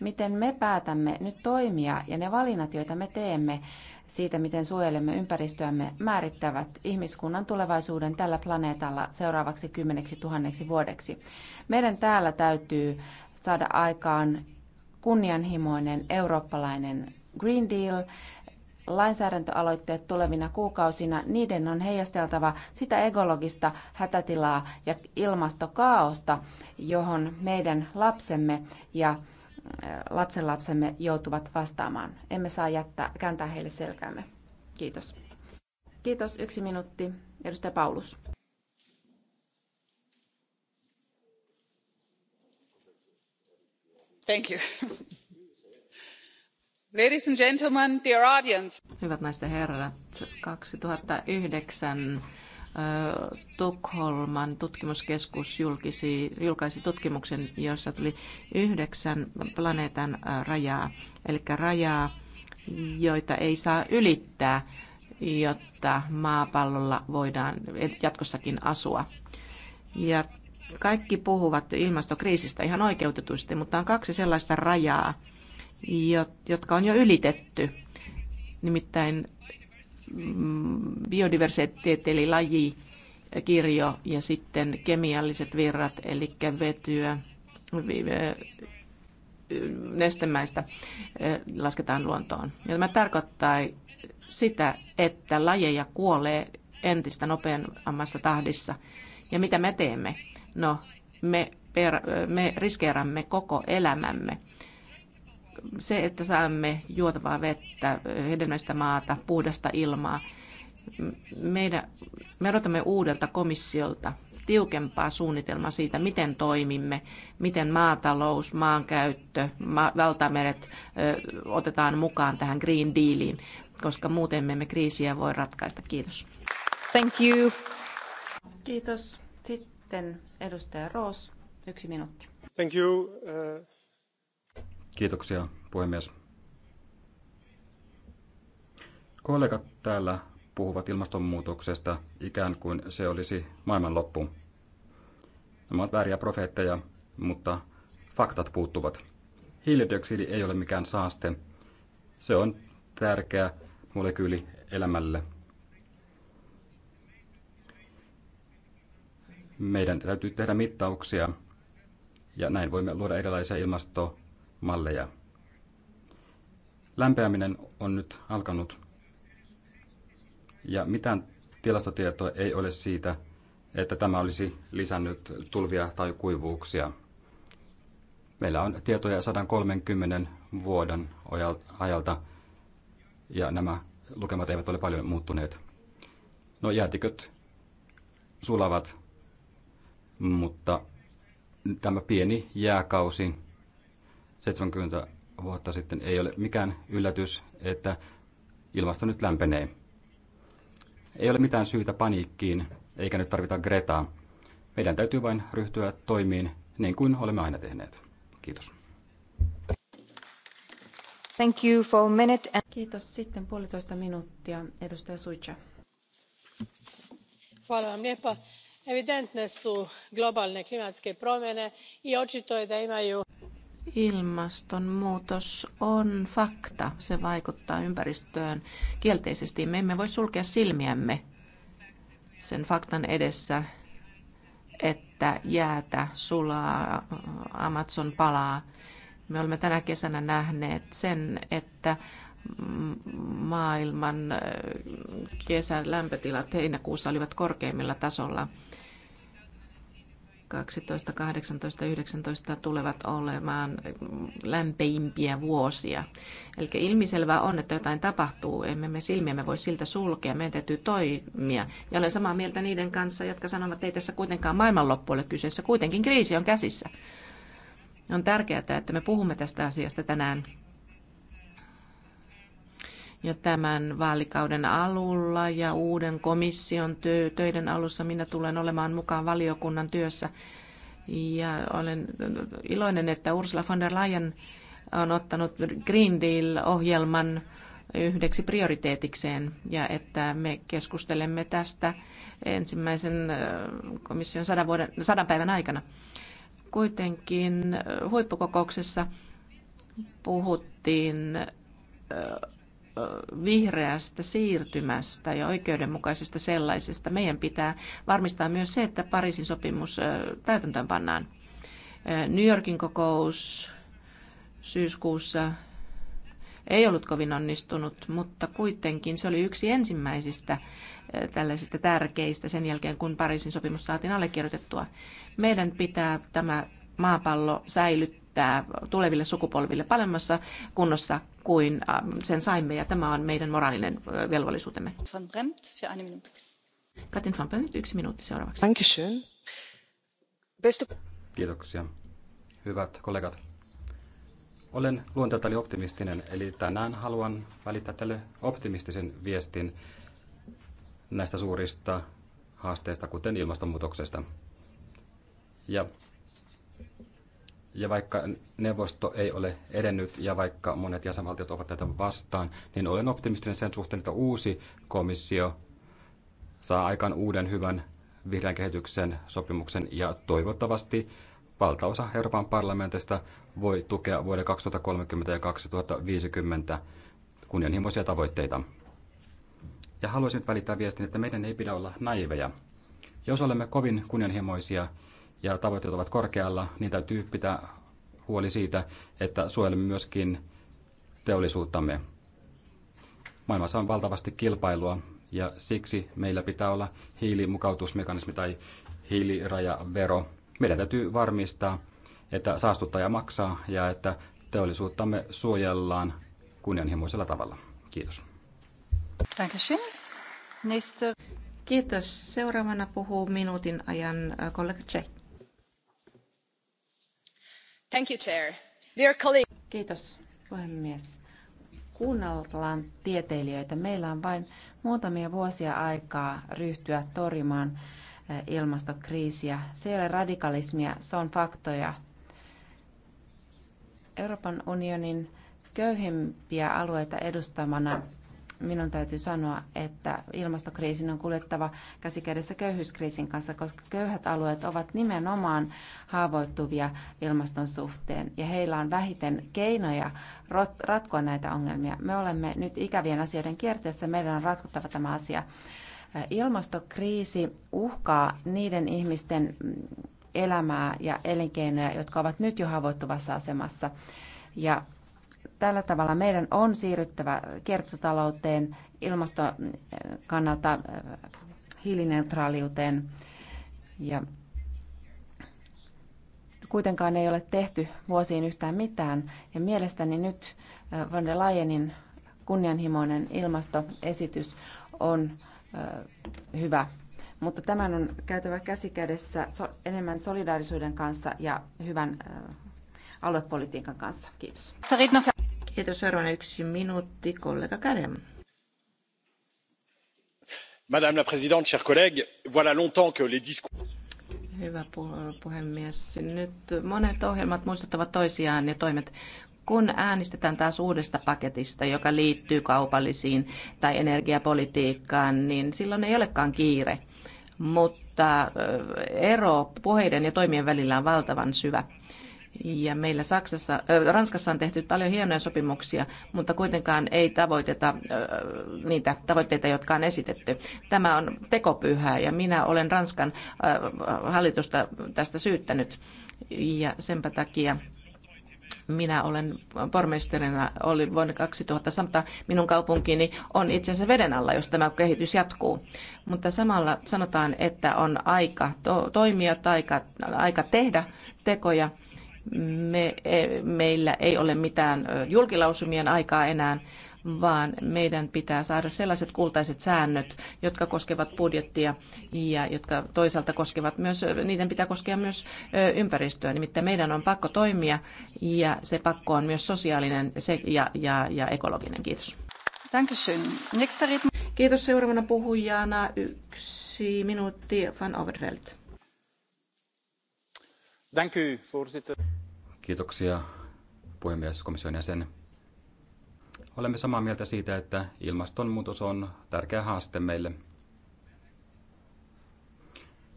miten me päätämme nyt toimia ja ne valinnat, joita me teemme siitä, miten suojelemme ympäristöämme, määrittävät ihmiskunnan tulevaisuuden tällä planeetalla seuraavaksi kymmeneksi tuhanneksi vuodeksi. Meidän täällä täytyy saada aikaan kunnianhimoinen eurooppalainen Green Deal, lainsäädäntöaloitteet tulevina kuukausina, niiden on heijasteltava sitä ekologista hätätilaa ja ilmastokaaosta, johon meidän lapsemme ja lapsenlapsemme joutuvat vastaamaan. Emme saa jättää, kääntää heille selkäämme. Kiitos. Kiitos. Yksi minuutti. Edustaja Paulus. Thank you. Ladies and gentlemen, dear audience. Hyvät naiset ja herrat, 2009 Tukholman tutkimuskeskus julkisi, julkaisi tutkimuksen, jossa tuli yhdeksän planeetan rajaa, eli rajaa, joita ei saa ylittää, jotta maapallolla voidaan jatkossakin asua. Ja kaikki puhuvat ilmastokriisistä ihan oikeutetusti, mutta on kaksi sellaista rajaa, jotka on jo ylitetty. Nimittäin Mm, biodiversiteetti eli laji, eh, kirjo ja sitten kemialliset virrat, eli vetyä, eh, nestemäistä eh, lasketaan luontoon. Ja tämä tarkoittaa sitä, että lajeja kuolee entistä nopeammassa tahdissa. Ja mitä me teemme? No, me, per, me riskeeramme koko elämämme se, että saamme juotavaa vettä, hedelmäistä maata, puhdasta ilmaa, meidän, me odotamme uudelta komissiolta tiukempaa suunnitelmaa siitä, miten toimimme, miten maatalous, maankäyttö, ma- valtameret ö, otetaan mukaan tähän Green Dealiin, koska muuten me emme kriisiä voi ratkaista. Kiitos. Thank you. Kiitos. Sitten edustaja Roos, yksi minuutti. Thank you. Uh... Kiitoksia, puhemies. Kollegat täällä puhuvat ilmastonmuutoksesta ikään kuin se olisi maailmanloppu. Nämä ovat vääriä profeetteja, mutta faktat puuttuvat. Hiilidioksidi ei ole mikään saaste. Se on tärkeä molekyyli elämälle. Meidän täytyy tehdä mittauksia ja näin voimme luoda erilaisia ilmasto- malleja. Lämpeäminen on nyt alkanut ja mitään tilastotietoa ei ole siitä, että tämä olisi lisännyt tulvia tai kuivuuksia. Meillä on tietoja 130 vuoden ajalta ja nämä lukemat eivät ole paljon muuttuneet. No jäätiköt sulavat, mutta tämä pieni jääkausi 70 vuotta sitten ei ole mikään yllätys, että ilmasto nyt lämpenee. Ei ole mitään syytä paniikkiin, eikä nyt tarvita Gretaa. Meidän täytyy vain ryhtyä toimiin, niin kuin olemme aina tehneet. Kiitos. Thank you for a minute and... Kiitos. Sitten puolitoista minuuttia, edustaja Suitsa. Hvala vam lijepa. Evidentne su globalne klimatske promjene i očito je da imaju Ilmastonmuutos on fakta. Se vaikuttaa ympäristöön kielteisesti. Me emme voi sulkea silmiämme sen faktan edessä, että jäätä sulaa, Amazon palaa. Me olemme tänä kesänä nähneet sen, että maailman kesän lämpötilat heinäkuussa olivat korkeimmilla tasolla. 12, 18, 19 tulevat olemaan lämpimpiä vuosia. Eli ilmiselvää on, että jotain tapahtuu. Emme me silmiämme voi siltä sulkea. Meidän täytyy toimia. Ja olen samaa mieltä niiden kanssa, jotka sanovat, että ei tässä kuitenkaan maailmanloppu ole kyseessä. Kuitenkin kriisi on käsissä. On tärkeää, että me puhumme tästä asiasta tänään ja tämän vaalikauden alulla ja uuden komission töiden alussa minä tulen olemaan mukaan valiokunnan työssä. Ja olen iloinen, että Ursula von der Leyen on ottanut Green Deal-ohjelman yhdeksi prioriteetikseen ja että me keskustelemme tästä ensimmäisen komission sadan, vuoden, sadan päivän aikana. Kuitenkin huippukokouksessa puhuttiin vihreästä siirtymästä ja oikeudenmukaisesta sellaisesta. Meidän pitää varmistaa myös se, että Pariisin sopimus täytäntöön pannaan. New Yorkin kokous syyskuussa ei ollut kovin onnistunut, mutta kuitenkin se oli yksi ensimmäisistä tällaisista tärkeistä sen jälkeen, kun Pariisin sopimus saatiin allekirjoitettua. Meidän pitää tämä maapallo säilyttää jättää tuleville sukupolville paremmassa kunnossa kuin äh, sen saimme, ja tämä on meidän moraalinen velvollisuutemme. Van Bremt, für eine Minute. Katin van Bremt, yksi minuutti seuraavaksi. Dankeschön. Kiitoksia. Hyvät kollegat, olen luonteeltani optimistinen, eli tänään haluan välittää teille optimistisen viestin näistä suurista haasteista, kuten ilmastonmuutoksesta. Ja ja vaikka neuvosto ei ole edennyt ja vaikka monet jäsenvaltiot ovat tätä vastaan, niin olen optimistinen sen suhteen, että uusi komissio saa aikaan uuden hyvän vihreän kehityksen sopimuksen ja toivottavasti valtaosa Euroopan parlamentista voi tukea vuoden 2030 ja 2050 kunnianhimoisia tavoitteita. Ja haluaisin välittää viestin, että meidän ei pidä olla naiveja. Jos olemme kovin kunnianhimoisia, ja tavoitteet ovat korkealla, niin täytyy pitää huoli siitä, että suojelemme myöskin teollisuuttamme. Maailmassa on valtavasti kilpailua ja siksi meillä pitää olla hiilimukautusmekanismi tai hiilirajavero. Meidän täytyy varmistaa, että saastuttaja maksaa ja että teollisuuttamme suojellaan kunnianhimoisella tavalla. Kiitos. Kiitos. Seuraavana puhuu minuutin ajan äh, kollega Tsek. Kiitos, puhemies. Kuunnellaan tieteilijöitä. Meillä on vain muutamia vuosia aikaa ryhtyä torjumaan eh, ilmastokriisiä. Se ei ole radikalismia, se on faktoja. Euroopan unionin köyhimpiä alueita edustamana minun täytyy sanoa, että ilmastokriisin on kuljettava käsikädessä köyhyyskriisin kanssa, koska köyhät alueet ovat nimenomaan haavoittuvia ilmaston suhteen ja heillä on vähiten keinoja ratkoa näitä ongelmia. Me olemme nyt ikävien asioiden kierteessä, meidän on ratkottava tämä asia. Ilmastokriisi uhkaa niiden ihmisten elämää ja elinkeinoja, jotka ovat nyt jo haavoittuvassa asemassa. Ja Tällä tavalla meidän on siirryttävä kiertotalouteen, ilmaston äh, kannalta äh, hiilineutraaliuteen ja kuitenkaan ei ole tehty vuosiin yhtään mitään. Ja mielestäni nyt äh, von der Leyenin kunnianhimoinen ilmastoesitys on hyvä. Mutta tämän on käytävä käsikädessä enemmän solidaarisuuden kanssa ja hyvän aluepolitiikan kanssa. Kiitos. Kiitos. Seuraavana yksi minuutti, kollega Kärem. Madame la présidente, chers collègues, voilà longtemps que les discours... Hyvä puhemies. Nyt monet ohjelmat muistuttavat toisiaan ja toimet kun äänestetään taas uudesta paketista, joka liittyy kaupallisiin tai energiapolitiikkaan, niin silloin ei olekaan kiire. Mutta ero puheiden ja toimien välillä on valtavan syvä. Ja meillä Saksassa, äh, Ranskassa on tehty paljon hienoja sopimuksia, mutta kuitenkaan ei tavoiteta äh, niitä tavoitteita, jotka on esitetty. Tämä on tekopyhää ja minä olen Ranskan äh, hallitusta tästä syyttänyt. Ja sen takia minä olen pormestarina, oli vuonna 2007. Minun kaupunkini on itse asiassa veden alla, jos tämä kehitys jatkuu. Mutta samalla sanotaan, että on aika to- toimia tai aika, aika tehdä tekoja – me, e, meillä ei ole mitään julkilausumien aikaa enää, vaan meidän pitää saada sellaiset kultaiset säännöt, jotka koskevat budjettia ja jotka toisaalta koskevat myös, niiden pitää koskea myös ympäristöä. Nimittäin meidän on pakko toimia ja se pakko on myös sosiaalinen ja, ja, ja ekologinen. Kiitos. Kiitos seuraavana puhujana yksi minuutti van Overveld. Kiitoksia puhemies komission jäsen. Olemme samaa mieltä siitä, että ilmastonmuutos on tärkeä haaste meille.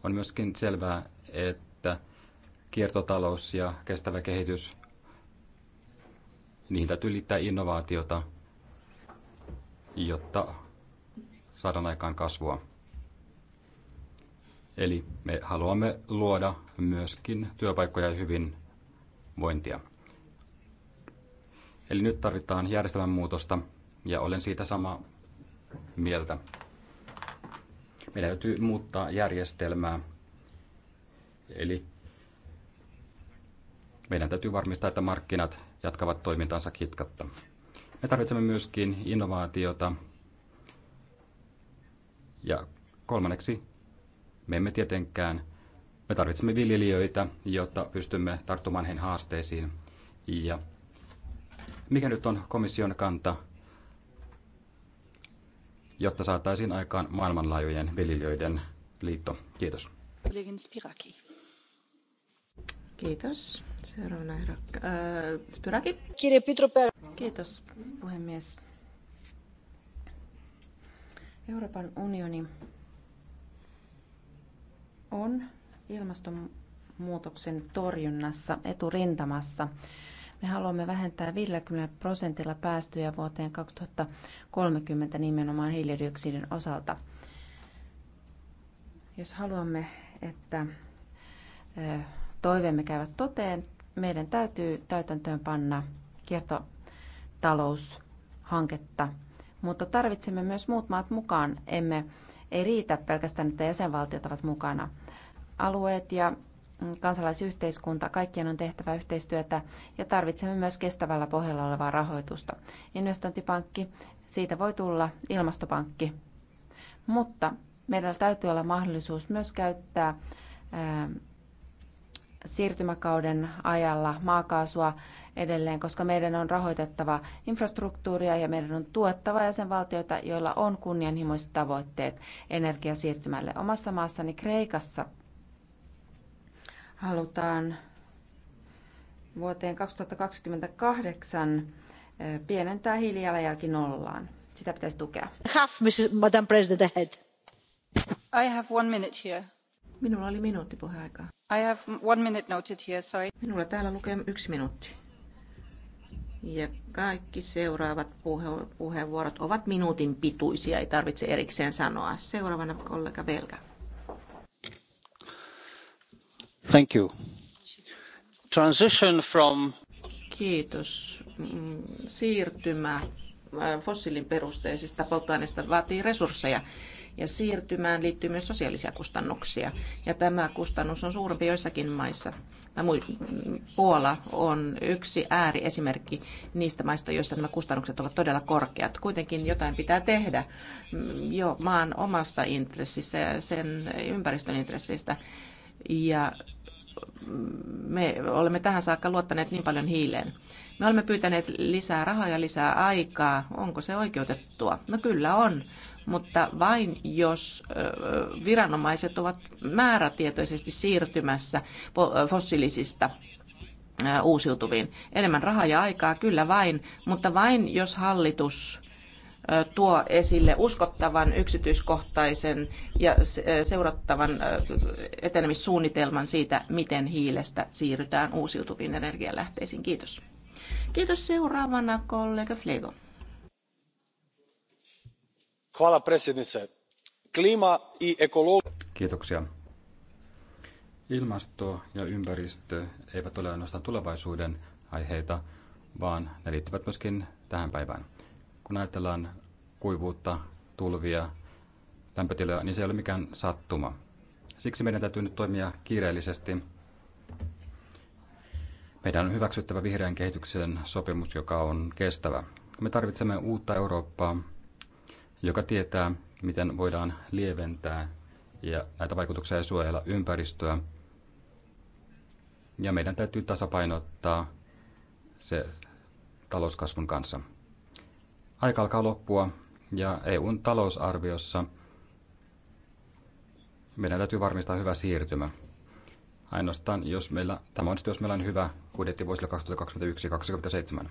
On myöskin selvää, että kiertotalous ja kestävä kehitys, niihin täytyy liittää innovaatiota, jotta saadaan aikaan kasvua. Eli me haluamme luoda myöskin työpaikkoja hyvin hyvinvointia. Eli nyt tarvitaan järjestelmän muutosta ja olen siitä samaa mieltä. Meidän täytyy muuttaa järjestelmää. Eli meidän täytyy varmistaa, että markkinat jatkavat toimintansa kitkatta. Me tarvitsemme myöskin innovaatiota. Ja kolmanneksi, me emme tietenkään me tarvitsemme viljelijöitä, jotta pystymme tarttumaan heidän haasteisiin. Ja mikä nyt on komission kanta, jotta saataisiin aikaan maailmanlaajuinen viljelijöiden liitto? Kiitos. Kiitos. Seuraavana äh, Spiraki. Kirje Kiitos puhemies. Euroopan unioni on ilmastonmuutoksen torjunnassa eturintamassa. Me haluamme vähentää 50 prosentilla päästöjä vuoteen 2030 nimenomaan hiilidioksidin osalta. Jos haluamme, että toiveemme käyvät toteen, meidän täytyy täytäntöön panna kiertotaloushanketta, mutta tarvitsemme myös muut maat mukaan. Emme, ei riitä pelkästään, että jäsenvaltiot ovat mukana alueet ja mm, kansalaisyhteiskunta, kaikkien on tehtävä yhteistyötä ja tarvitsemme myös kestävällä pohjalla olevaa rahoitusta. Investointipankki, siitä voi tulla ilmastopankki, mutta meillä täytyy olla mahdollisuus myös käyttää siirtymäkauden ajalla maakaasua edelleen, koska meidän on rahoitettava infrastruktuuria ja meidän on tuettava jäsenvaltioita, joilla on kunnianhimoiset tavoitteet energiasiirtymälle. Omassa maassani Kreikassa – halutaan vuoteen 2028 eh, pienentää hiilijalanjälki nollaan. Sitä pitäisi tukea. Half, Mrs. Madam President, ahead. I have one minute here. Minulla oli minuutti puheaikaa. I have one minute noted here, sorry. Minulla täällä lukee yksi minuutti. Ja kaikki seuraavat puhe- puheenvuorot ovat minuutin pituisia, ei tarvitse erikseen sanoa. Seuraavana kollega Velka Kiitos. Mm, siirtymä äh, fossiilin perusteisista polttoaineista vaatii resursseja ja siirtymään liittyy myös sosiaalisia kustannuksia. Ja tämä kustannus on suurempi joissakin maissa. Puola on yksi ääriesimerkki niistä maista, joissa nämä kustannukset ovat todella korkeat. Kuitenkin jotain pitää tehdä mm, jo maan omassa intressissä ja sen ympäristön intressistä. Ja me olemme tähän saakka luottaneet niin paljon hiileen. Me olemme pyytäneet lisää rahaa ja lisää aikaa. Onko se oikeutettua? No kyllä on, mutta vain jos viranomaiset ovat määrätietoisesti siirtymässä fossiilisista uusiutuviin. Enemmän rahaa ja aikaa kyllä vain, mutta vain jos hallitus tuo esille uskottavan, yksityiskohtaisen ja seurattavan etenemissuunnitelman siitä, miten hiilestä siirrytään uusiutuviin energialähteisiin. Kiitos. Kiitos seuraavana kollega Flego. Hvala predsjednice. Klima i ekologi... Kiitoksia. Ilmasto ja ympäristö eivät ole ainoastaan tulevaisuuden aiheita, vaan ne liittyvät myöskin tähän päivään. Kun ajatellaan kuivuutta, tulvia, lämpötiloja, niin se ei ole mikään sattuma. Siksi meidän täytyy nyt toimia kiireellisesti. Meidän on hyväksyttävä vihreän kehityksen sopimus, joka on kestävä. Me tarvitsemme uutta Eurooppaa, joka tietää, miten voidaan lieventää ja näitä vaikutuksia ja suojella ympäristöä. Ja meidän täytyy tasapainottaa se talouskasvun kanssa. Aika alkaa loppua. Ja EUn talousarviossa meidän täytyy varmistaa hyvä siirtymä. Ainoastaan, jos meillä, tämä sitten, jos meillä on hyvä budjetti vuosille 2021-2027.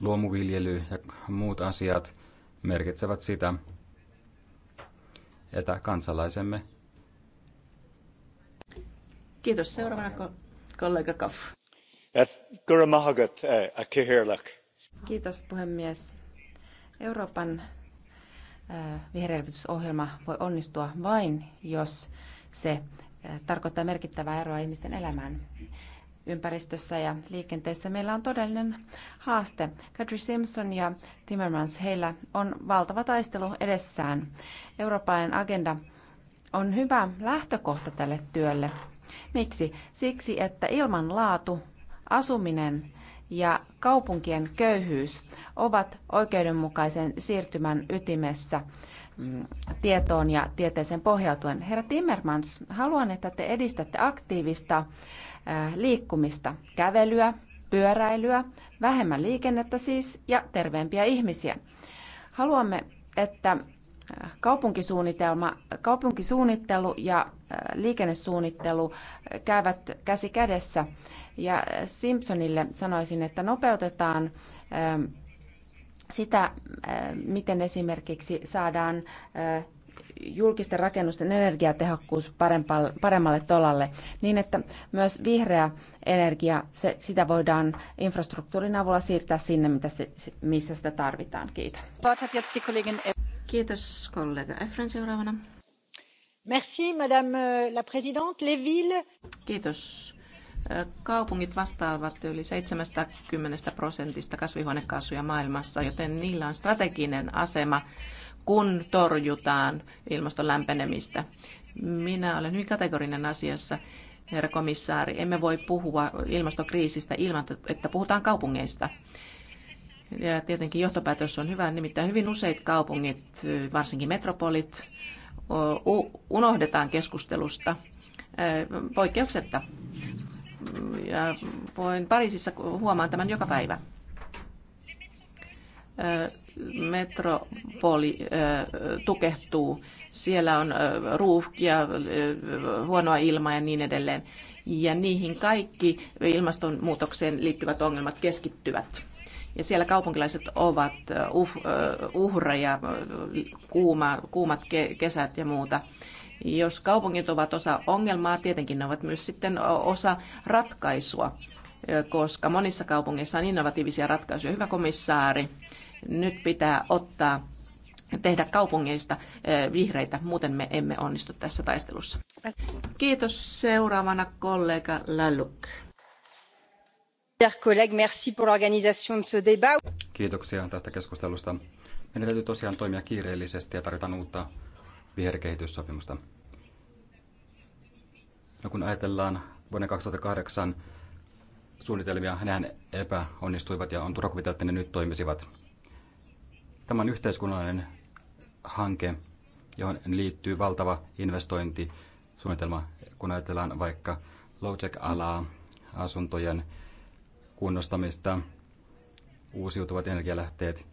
Luomuviljely ja muut asiat merkitsevät sitä, että kansalaisemme. Kiitos. Seuraavana kollega Kaff. Guramahagat eh, Kiitos puhemies. Euroopan viherelvytysohjelma voi onnistua vain, jos se tarkoittaa merkittävää eroa ihmisten elämään ympäristössä ja liikenteessä. Meillä on todellinen haaste. Kadri Simpson ja Timmermans, heillä on valtava taistelu edessään. Eurooppalainen agenda on hyvä lähtökohta tälle työlle. Miksi? Siksi, että ilman laatu asuminen, ja kaupunkien köyhyys ovat oikeudenmukaisen siirtymän ytimessä mm, tietoon ja tieteeseen pohjautuen. Herra Timmermans, haluan, että te edistätte aktiivista äh, liikkumista, kävelyä, pyöräilyä, vähemmän liikennettä siis ja terveempiä ihmisiä. Haluamme, että äh, kaupunkisuunnitelma, kaupunkisuunnittelu ja äh, liikennesuunnittelu käyvät käsi kädessä ja Simpsonille sanoisin, että nopeutetaan ähm, sitä, äh, miten esimerkiksi saadaan äh, julkisten rakennusten energiatehokkuus paremmalle tolalle, niin että myös vihreä energia, se, sitä voidaan infrastruktuurin avulla siirtää sinne, mitä se, missä sitä tarvitaan. Kiitos. Kiitos kollega Efren seuraavana. Merci, madame la présidente. Les villes... Kiitos Kaupungit vastaavat yli 70 prosentista kasvihuonekaasuja maailmassa, joten niillä on strateginen asema, kun torjutaan ilmaston lämpenemistä. Minä olen hyvin kategorinen asiassa, herra komissaari. Emme voi puhua ilmastokriisistä ilman, että puhutaan kaupungeista. Ja tietenkin johtopäätös on hyvä, nimittäin hyvin useit kaupungit, varsinkin metropolit, unohdetaan keskustelusta poikkeuksetta ja voin Pariisissa huomaan tämän joka päivä. Metropoli tukehtuu. Siellä on ruuhkia, huonoa ilmaa ja niin edelleen. Ja niihin kaikki ilmastonmuutokseen liittyvät ongelmat keskittyvät. Ja siellä kaupunkilaiset ovat uh, uhreja, kuuma, kuumat kesät ja muuta. Jos kaupungit ovat osa ongelmaa, tietenkin ne ovat myös sitten osa ratkaisua, koska monissa kaupungeissa on innovatiivisia ratkaisuja. Hyvä komissaari, nyt pitää ottaa tehdä kaupungeista vihreitä, muuten me emme onnistu tässä taistelussa. Kiitos seuraavana kollega Laluk. Kiitoksia tästä keskustelusta. Meidän täytyy tosiaan toimia kiireellisesti ja tarvitaan uutta viherkehityssopimusta. No kun ajatellaan vuonna 2008 suunnitelmia, nehän epäonnistuivat ja on turha kuvitella, että ne nyt toimisivat. Tämä on yhteiskunnallinen hanke, johon liittyy valtava investointisuunnitelma, kun ajatellaan vaikka low alaa asuntojen kunnostamista, uusiutuvat energialähteet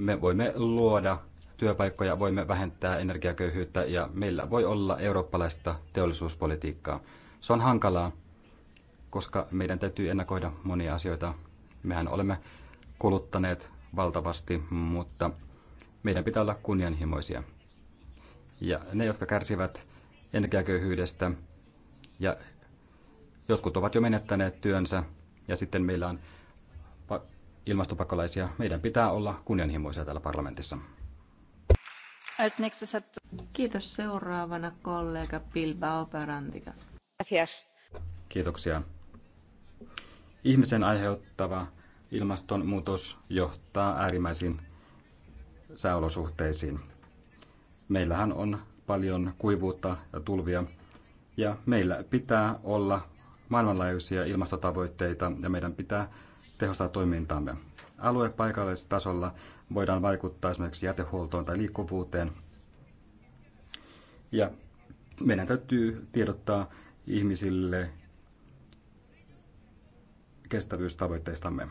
Me voimme luoda työpaikkoja, voimme vähentää energiaköyhyyttä ja meillä voi olla eurooppalaista teollisuuspolitiikkaa. Se on hankalaa, koska meidän täytyy ennakoida monia asioita. Mehän olemme kuluttaneet valtavasti, mutta meidän pitää olla kunnianhimoisia. Ja ne, jotka kärsivät energiaköyhyydestä ja jotkut ovat jo menettäneet työnsä ja sitten meillä on ilmastopakolaisia. Meidän pitää olla kunnianhimoisia täällä parlamentissa. Kiitos seuraavana kollega Bilbao Parantika. Kiitoksia. Ihmisen aiheuttava ilmastonmuutos johtaa äärimmäisiin sääolosuhteisiin. Meillähän on paljon kuivuutta ja tulvia, ja meillä pitää olla maailmanlaajuisia ilmastotavoitteita, ja meidän pitää tehostaa toimintaamme. Alue paikallistasolla voidaan vaikuttaa esimerkiksi jätehuoltoon tai liikkuvuuteen. Ja meidän täytyy tiedottaa ihmisille kestävyystavoitteistamme.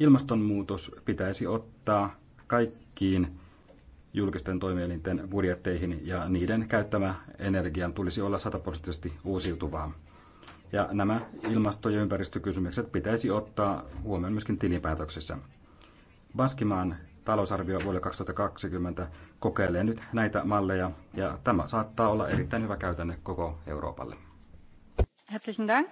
Ilmastonmuutos pitäisi ottaa kaikkiin julkisten toimielinten budjetteihin ja niiden käyttämä energian tulisi olla sataprosenttisesti uusiutuvaa. Ja nämä ilmasto- ja ympäristökysymykset pitäisi ottaa huomioon myöskin tilinpäätöksessä. Baskimaan talousarvio vuodelle 2020 kokeilee nyt näitä malleja ja tämä saattaa olla erittäin hyvä käytänne koko Euroopalle. Herzlichen Dank.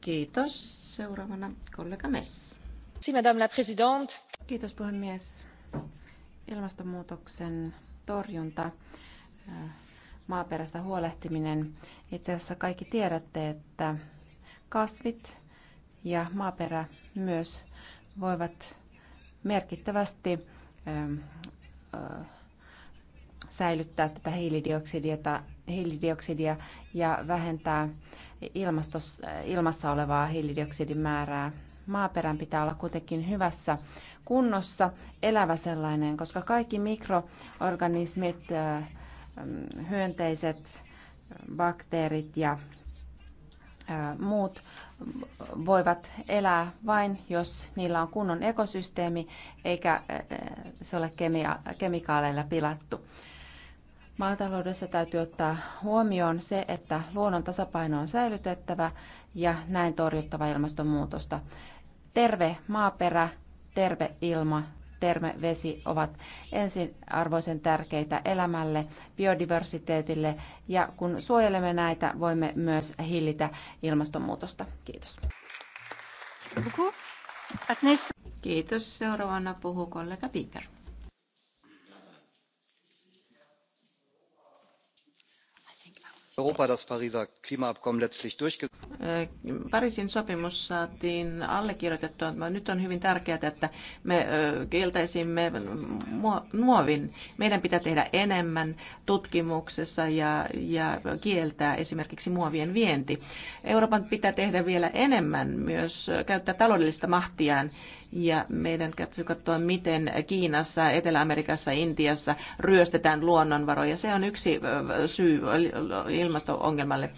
Kiitos. Seuraavana kollega Mess. Si, madame la présidente. Kiitos puhemies. Ilmastonmuutoksen torjunta maaperästä huolehtiminen. Itse asiassa kaikki tiedätte, että kasvit ja maaperä myös voivat merkittävästi ähm, äh, säilyttää tätä hiilidioksidia, hiilidioksidia ja vähentää ilmastos, ilmassa olevaa hiilidioksidin määrää. Maaperän pitää olla kuitenkin hyvässä kunnossa, elävä sellainen, koska kaikki mikroorganismit äh, hyönteiset, bakteerit ja muut voivat elää vain, jos niillä on kunnon ekosysteemi eikä se ole kemia- kemikaaleilla pilattu. Maataloudessa täytyy ottaa huomioon se, että luonnon tasapaino on säilytettävä ja näin torjuttava ilmastonmuutosta. Terve maaperä, terve ilma, terme, vesi ovat ensiarvoisen tärkeitä elämälle, biodiversiteetille ja kun suojelemme näitä, voimme myös hillitä ilmastonmuutosta. Kiitos. Kiitos. Seuraavana puhuu kollega Piper. Europa das Pariser Klimaabkommen letztlich durchgesetzt. Äh, Pariisin sopimus saatiin allekirjoitettua, mutta nyt on hyvin tärkeää, että me äh, kieltäisimme muovin. Meidän pitää tehdä enemmän tutkimuksessa ja, ja kieltää esimerkiksi muovien vienti. Euroopan pitää tehdä vielä enemmän, myös äh, käyttää taloudellista mahtiaan ja meidän katsoo katsoa, miten Kiinassa, Etelä-Amerikassa, Intiassa ryöstetään luonnonvaroja. Se on yksi syy ilmasto-ongelmalle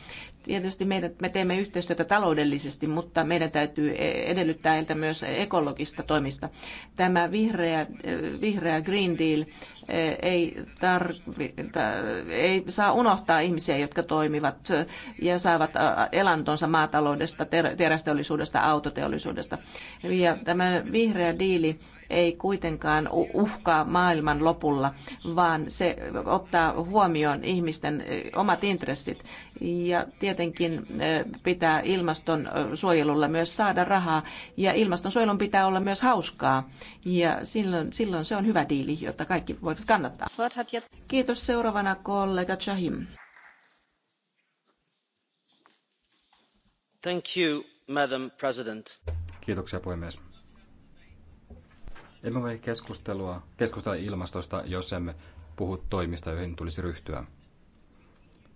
tietysti meidän, me teemme yhteistyötä taloudellisesti, mutta meidän täytyy e, edellyttää heiltä myös ekologista toimista. Tämä vihreä, vihreä Green Deal ei, tarvi, ei saa unohtaa ihmisiä, jotka toimivat ja saavat elantonsa maataloudesta, terästeollisuudesta, autoteollisuudesta. Ja tämä vihreä diili ei kuitenkaan uhkaa maailman lopulla, vaan se ottaa huomioon ihmisten omat intressit. Ja tietenkin pitää ilmaston suojelulla myös saada rahaa, ja ilmastonsuojelun pitää olla myös hauskaa. Ja silloin, silloin se on hyvä diili, jotta kaikki voivat voivat kannattaa. Kiitos seuraavana kollega Chahim. Thank you, Madam President. Kiitoksia puhemies. Emme voi keskustelua, keskustella ilmastosta, jos emme puhu toimista, joihin tulisi ryhtyä.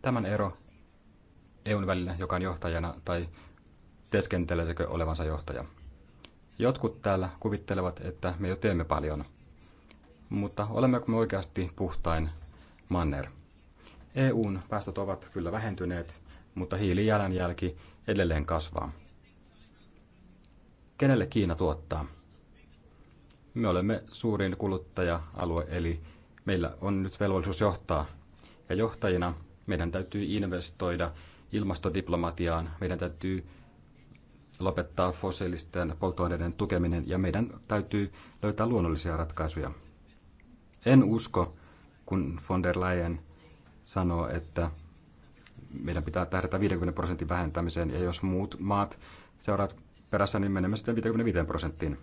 Tämän ero EUn välillä, joka on johtajana, tai teskenteleekö olevansa johtaja. Jotkut täällä kuvittelevat, että me jo teemme paljon – mutta olemmeko me oikeasti puhtain manner? EUn päästöt ovat kyllä vähentyneet, mutta hiilijalanjälki edelleen kasvaa. Kenelle Kiina tuottaa? Me olemme suurin kuluttaja-alue, eli meillä on nyt velvollisuus johtaa. Ja johtajina meidän täytyy investoida ilmastodiplomatiaan, meidän täytyy lopettaa fossiilisten polttoaineiden tukeminen ja meidän täytyy löytää luonnollisia ratkaisuja. En usko, kun von der Leyen sanoo, että meidän pitää tähdätä 50 prosentin vähentämiseen, ja jos muut maat seuraavat perässä, niin menemme sitten 55 prosenttiin.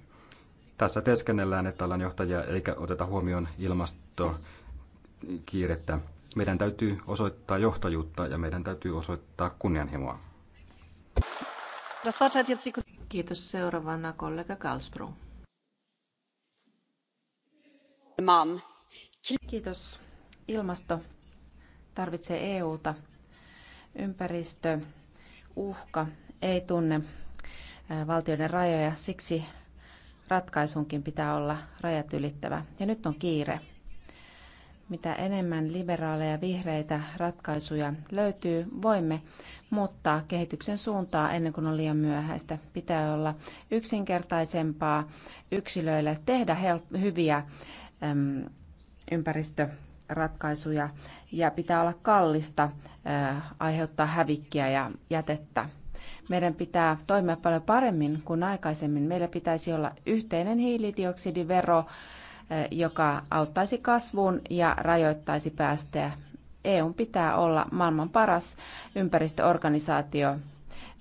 Tässä teeskennellään, että ollaan johtajia eikä oteta huomioon ilmastokiirettä. Meidän täytyy osoittaa johtajuutta ja meidän täytyy osoittaa kunnianhimoa. Kiitos seuraavana kollega Karlsbro. Kiitos. Ilmasto tarvitsee EUta. Ympäristö, uhka ei tunne valtioiden rajoja, siksi ratkaisunkin pitää olla rajat ylittävä. Ja nyt on kiire. Mitä enemmän liberaaleja vihreitä ratkaisuja löytyy, voimme muuttaa kehityksen suuntaa ennen kuin on liian myöhäistä. Pitää olla yksinkertaisempaa yksilöille tehdä hyviä ympäristöratkaisuja ja pitää olla kallista aiheuttaa hävikkiä ja jätettä. Meidän pitää toimia paljon paremmin kuin aikaisemmin. Meillä pitäisi olla yhteinen hiilidioksidivero, joka auttaisi kasvuun ja rajoittaisi päästöjä. EUn pitää olla maailman paras ympäristöorganisaatio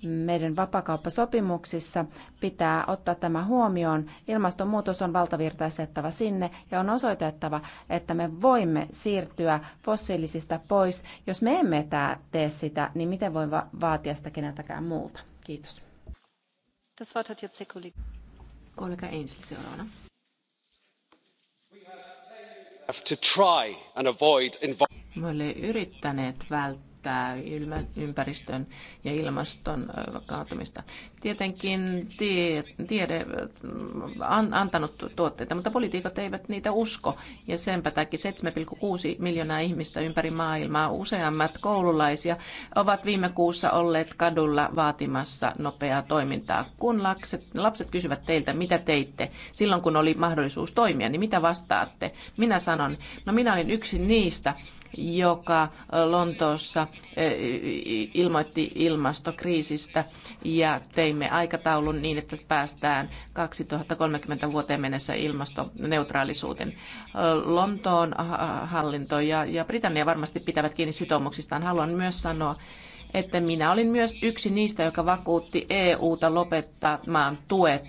meidän vapakauppasopimuksissa pitää ottaa tämä huomioon. Ilmastonmuutos on valtavirtaistettava sinne ja on osoitettava, että me voimme siirtyä fossiilisista pois. Jos me emme tee sitä, niin miten voi va- vaatia sitä keneltäkään muulta? Kiitos. Das Wort hat jetzt der Kollege. Kollega Angel seuraavana. me olemme yrittäneet välttää estää ympäristön ja ilmaston kaatumista. Tietenkin tie, tiede on antanut tuotteita, mutta poliitikot eivät niitä usko. Ja senpä takia 7,6 miljoonaa ihmistä ympäri maailmaa, useammat koululaisia, ovat viime kuussa olleet kadulla vaatimassa nopeaa toimintaa. Kun lapset, lapset kysyvät teiltä, mitä teitte silloin, kun oli mahdollisuus toimia, niin mitä vastaatte? Minä sanon, no minä olin yksi niistä, joka äh, Lontoossa äh, ilmoitti ilmastokriisistä ja teimme aikataulun niin, että päästään 2030 vuoteen mennessä ilmastoneutraalisuuteen. Äh, Lontoon hallinto ja, ja Britannia varmasti pitävät kiinni sitoumuksistaan. Haluan myös sanoa, että minä olin myös yksi niistä, joka vakuutti EUta lopettamaan tuet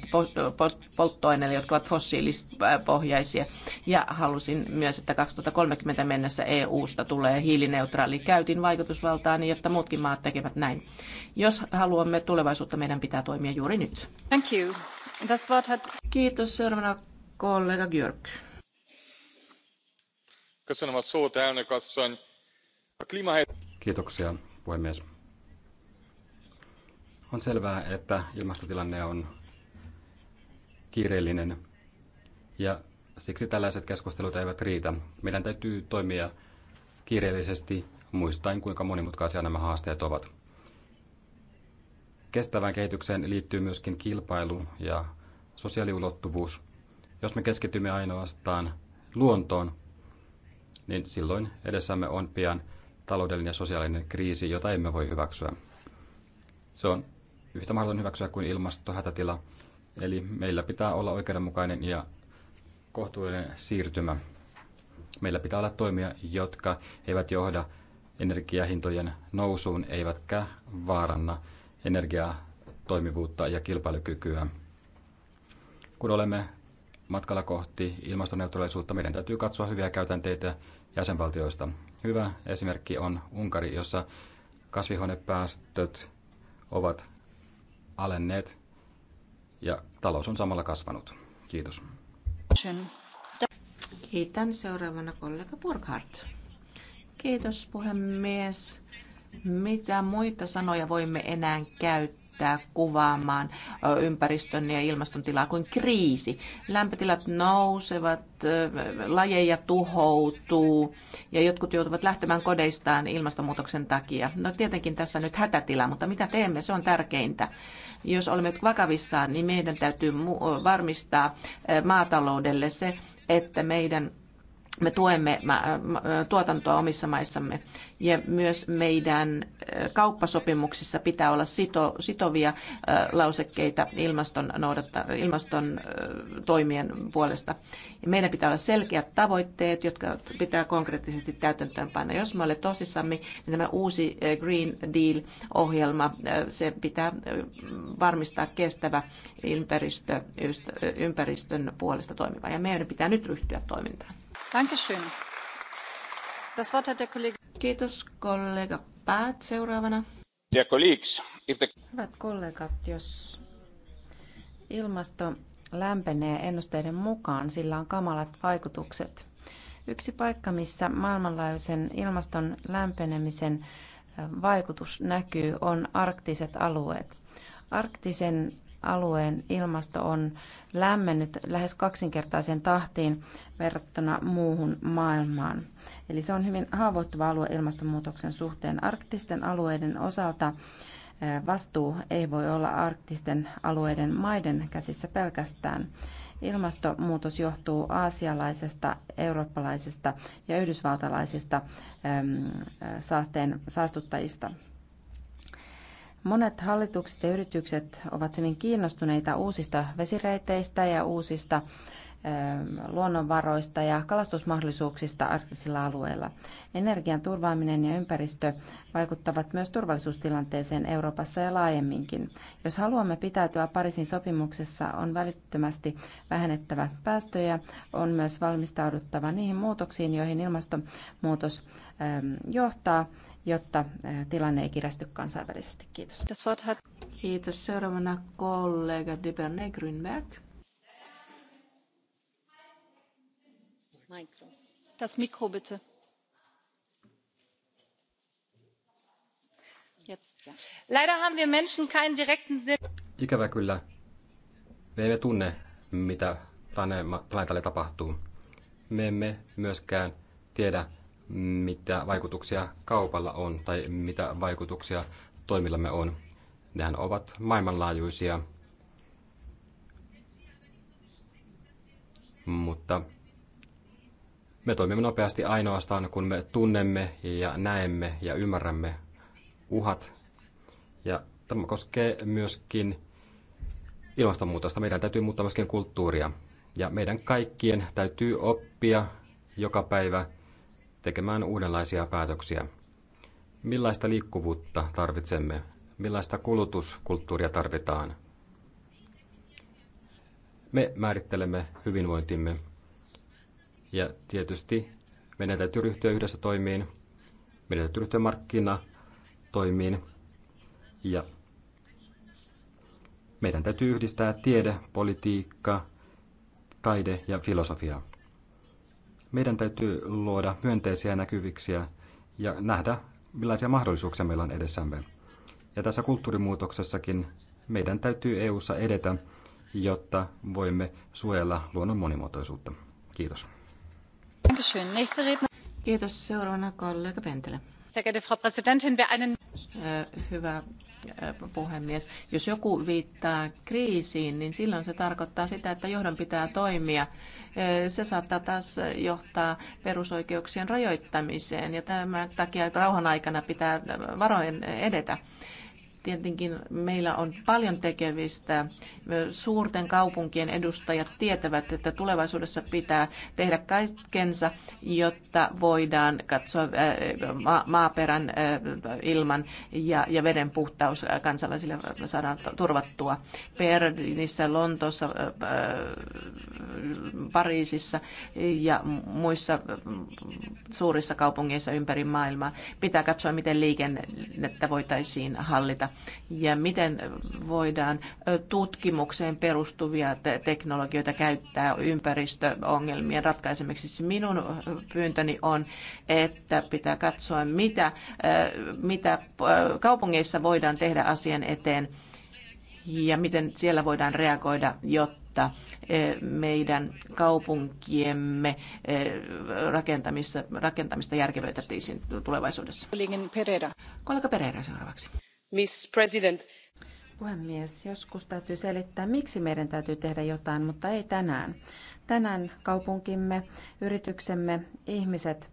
polttoaineille, jotka ovat fossiilispohjaisia. Ja halusin myös, että 2030 mennessä EUsta tulee hiilineutraali. Käytin niin, jotta muutkin maat tekevät näin. Jos haluamme tulevaisuutta, meidän pitää toimia juuri nyt. Thank you. Das Wort hat... Kiitos. Seuraavana kollega Björk. Kiitoksia, puhemies. On selvää, että ilmastotilanne on kiireellinen ja siksi tällaiset keskustelut eivät riitä. Meidän täytyy toimia kiireellisesti muistaen, kuinka monimutkaisia nämä haasteet ovat. Kestävään kehitykseen liittyy myöskin kilpailu ja sosiaaliulottuvuus. Jos me keskitymme ainoastaan luontoon, niin silloin edessämme on pian – taloudellinen ja sosiaalinen kriisi, jota emme voi hyväksyä. Se on yhtä mahdoton hyväksyä kuin ilmastohätätila, eli meillä pitää olla oikeudenmukainen ja kohtuullinen siirtymä. Meillä pitää olla toimia, jotka eivät johda energiahintojen nousuun, eivätkä vaaranna energiaa toimivuutta ja kilpailukykyä. Kun olemme matkalla kohti ilmastoneutraalisuutta, meidän täytyy katsoa hyviä käytänteitä jäsenvaltioista. Hyvä esimerkki on Unkari, jossa kasvihuonepäästöt ovat alenneet ja talous on samalla kasvanut. Kiitos. Kiitän seuraavana kollega Burkhardt. Kiitos puhemies. Mitä muita sanoja voimme enää käyttää? käyttää kuvaamaan ympäristön ja ilmaston tilaa kuin kriisi. Lämpötilat nousevat, lajeja tuhoutuu ja jotkut joutuvat lähtemään kodeistaan ilmastonmuutoksen takia. No tietenkin tässä nyt hätätila, mutta mitä teemme, se on tärkeintä. Jos olemme vakavissaan, niin meidän täytyy varmistaa maataloudelle se, että meidän me tuemme äh, äh, tuotantoa omissa maissamme ja myös meidän äh, kauppasopimuksissa pitää olla sito, sitovia lausekkeita ilmaston, noudatta, ilmaston toimien puolesta. Ja meidän pitää olla selkeät tavoitteet, jotka pitää konkreettisesti täytäntöönpanna. Jos me olemme tosissamme, niin tämä uusi Green Deal-ohjelma, se pitää varmistaa kestävä ympäristö, ympäristön puolesta toimiva. Ja meidän pitää nyt ryhtyä toimintaan. Kiitos kollega Päät seuraavana. Hyvät kollegat, jos ilmasto lämpenee ennusteiden mukaan, sillä on kamalat vaikutukset. Yksi paikka, missä maailmanlaajuisen ilmaston lämpenemisen vaikutus näkyy, on arktiset alueet. Arktisen alueen ilmasto on lämmennyt lähes kaksinkertaiseen tahtiin verrattuna muuhun maailmaan. Eli se on hyvin haavoittuva alue ilmastonmuutoksen suhteen. Arktisten alueiden osalta vastuu ei voi olla arktisten alueiden maiden käsissä pelkästään. Ilmastonmuutos johtuu aasialaisesta, eurooppalaisesta ja yhdysvaltalaisista saasteen saastuttajista. Monet hallitukset ja yritykset ovat hyvin kiinnostuneita uusista vesireiteistä ja uusista ähm, luonnonvaroista ja kalastusmahdollisuuksista arktisilla alueilla. Energian turvaaminen ja ympäristö vaikuttavat myös turvallisuustilanteeseen Euroopassa ja laajemminkin. Jos haluamme pitäytyä Pariisin sopimuksessa, on välittömästi vähennettävä päästöjä, on myös valmistauduttava niihin muutoksiin, joihin ilmastonmuutos ähm, johtaa, jotta tilanne ei kirästy kansainvälisesti. Kiitos. Kiitos. Seuraavana kollega Diberne Grünberg. Mikro. Das Mikro bitte. Jetzt, ja. Leider haben wir Menschen keinen direkten Sinn. Ikävä kyllä. Me emme tunne, mitä planeetalle tapahtuu. Me emme myöskään tiedä, mitä vaikutuksia kaupalla on tai mitä vaikutuksia toimillamme on. Nehän ovat maailmanlaajuisia, mutta me toimimme nopeasti ainoastaan, kun me tunnemme ja näemme ja ymmärrämme uhat. Ja tämä koskee myöskin ilmastonmuutosta. Meidän täytyy muuttaa myöskin kulttuuria. Ja meidän kaikkien täytyy oppia joka päivä – tekemään uudenlaisia päätöksiä. Millaista liikkuvuutta tarvitsemme? Millaista kulutuskulttuuria tarvitaan? Me määrittelemme hyvinvointimme ja tietysti meidän täytyy ryhtyä yhdessä toimiin. Meidän täytyy ryhtyä markkinatoimiin ja meidän täytyy yhdistää tiede, politiikka, taide ja filosofia. Meidän täytyy luoda myönteisiä näkyviksiä ja nähdä, millaisia mahdollisuuksia meillä on edessämme. Ja tässä kulttuurimuutoksessakin meidän täytyy EU:ssa edetä, jotta voimme suojella luonnon monimuotoisuutta. Kiitos. Kiitos. Seuraavana kollega Pentelä. Äh, hyvä äh, puhemies. Jos joku viittaa kriisiin, niin silloin se tarkoittaa sitä, että johdon pitää toimia. Äh, se saattaa taas johtaa perusoikeuksien rajoittamiseen ja tämän takia rauhan aikana pitää varoen edetä. Tietenkin meillä on paljon tekemistä. Suurten kaupunkien edustajat tietävät, että tulevaisuudessa pitää tehdä kaikkensa, jotta voidaan katsoa äh, maaperän äh, ilman ja veden puhtaus kansalaisille saadaan turvattua. Berliinissä, Lontoossa, äh, Pariisissa ja muissa suurissa kaupungeissa ympäri maailmaa pitää katsoa, miten liikennettä voitaisiin hallita ja miten voidaan tutkimukseen perustuvia teknologioita käyttää ympäristöongelmien ratkaisemiseksi. Minun pyyntöni on, että pitää katsoa, mitä, mitä kaupungeissa voidaan tehdä asian eteen ja miten siellä voidaan reagoida, jotta meidän kaupunkiemme rakentamista, rakentamista järkevöitettiin tulevaisuudessa. Kollega Pereira seuraavaksi. Miss Puhemies, joskus täytyy selittää, miksi meidän täytyy tehdä jotain, mutta ei tänään. Tänään kaupunkimme, yrityksemme, ihmiset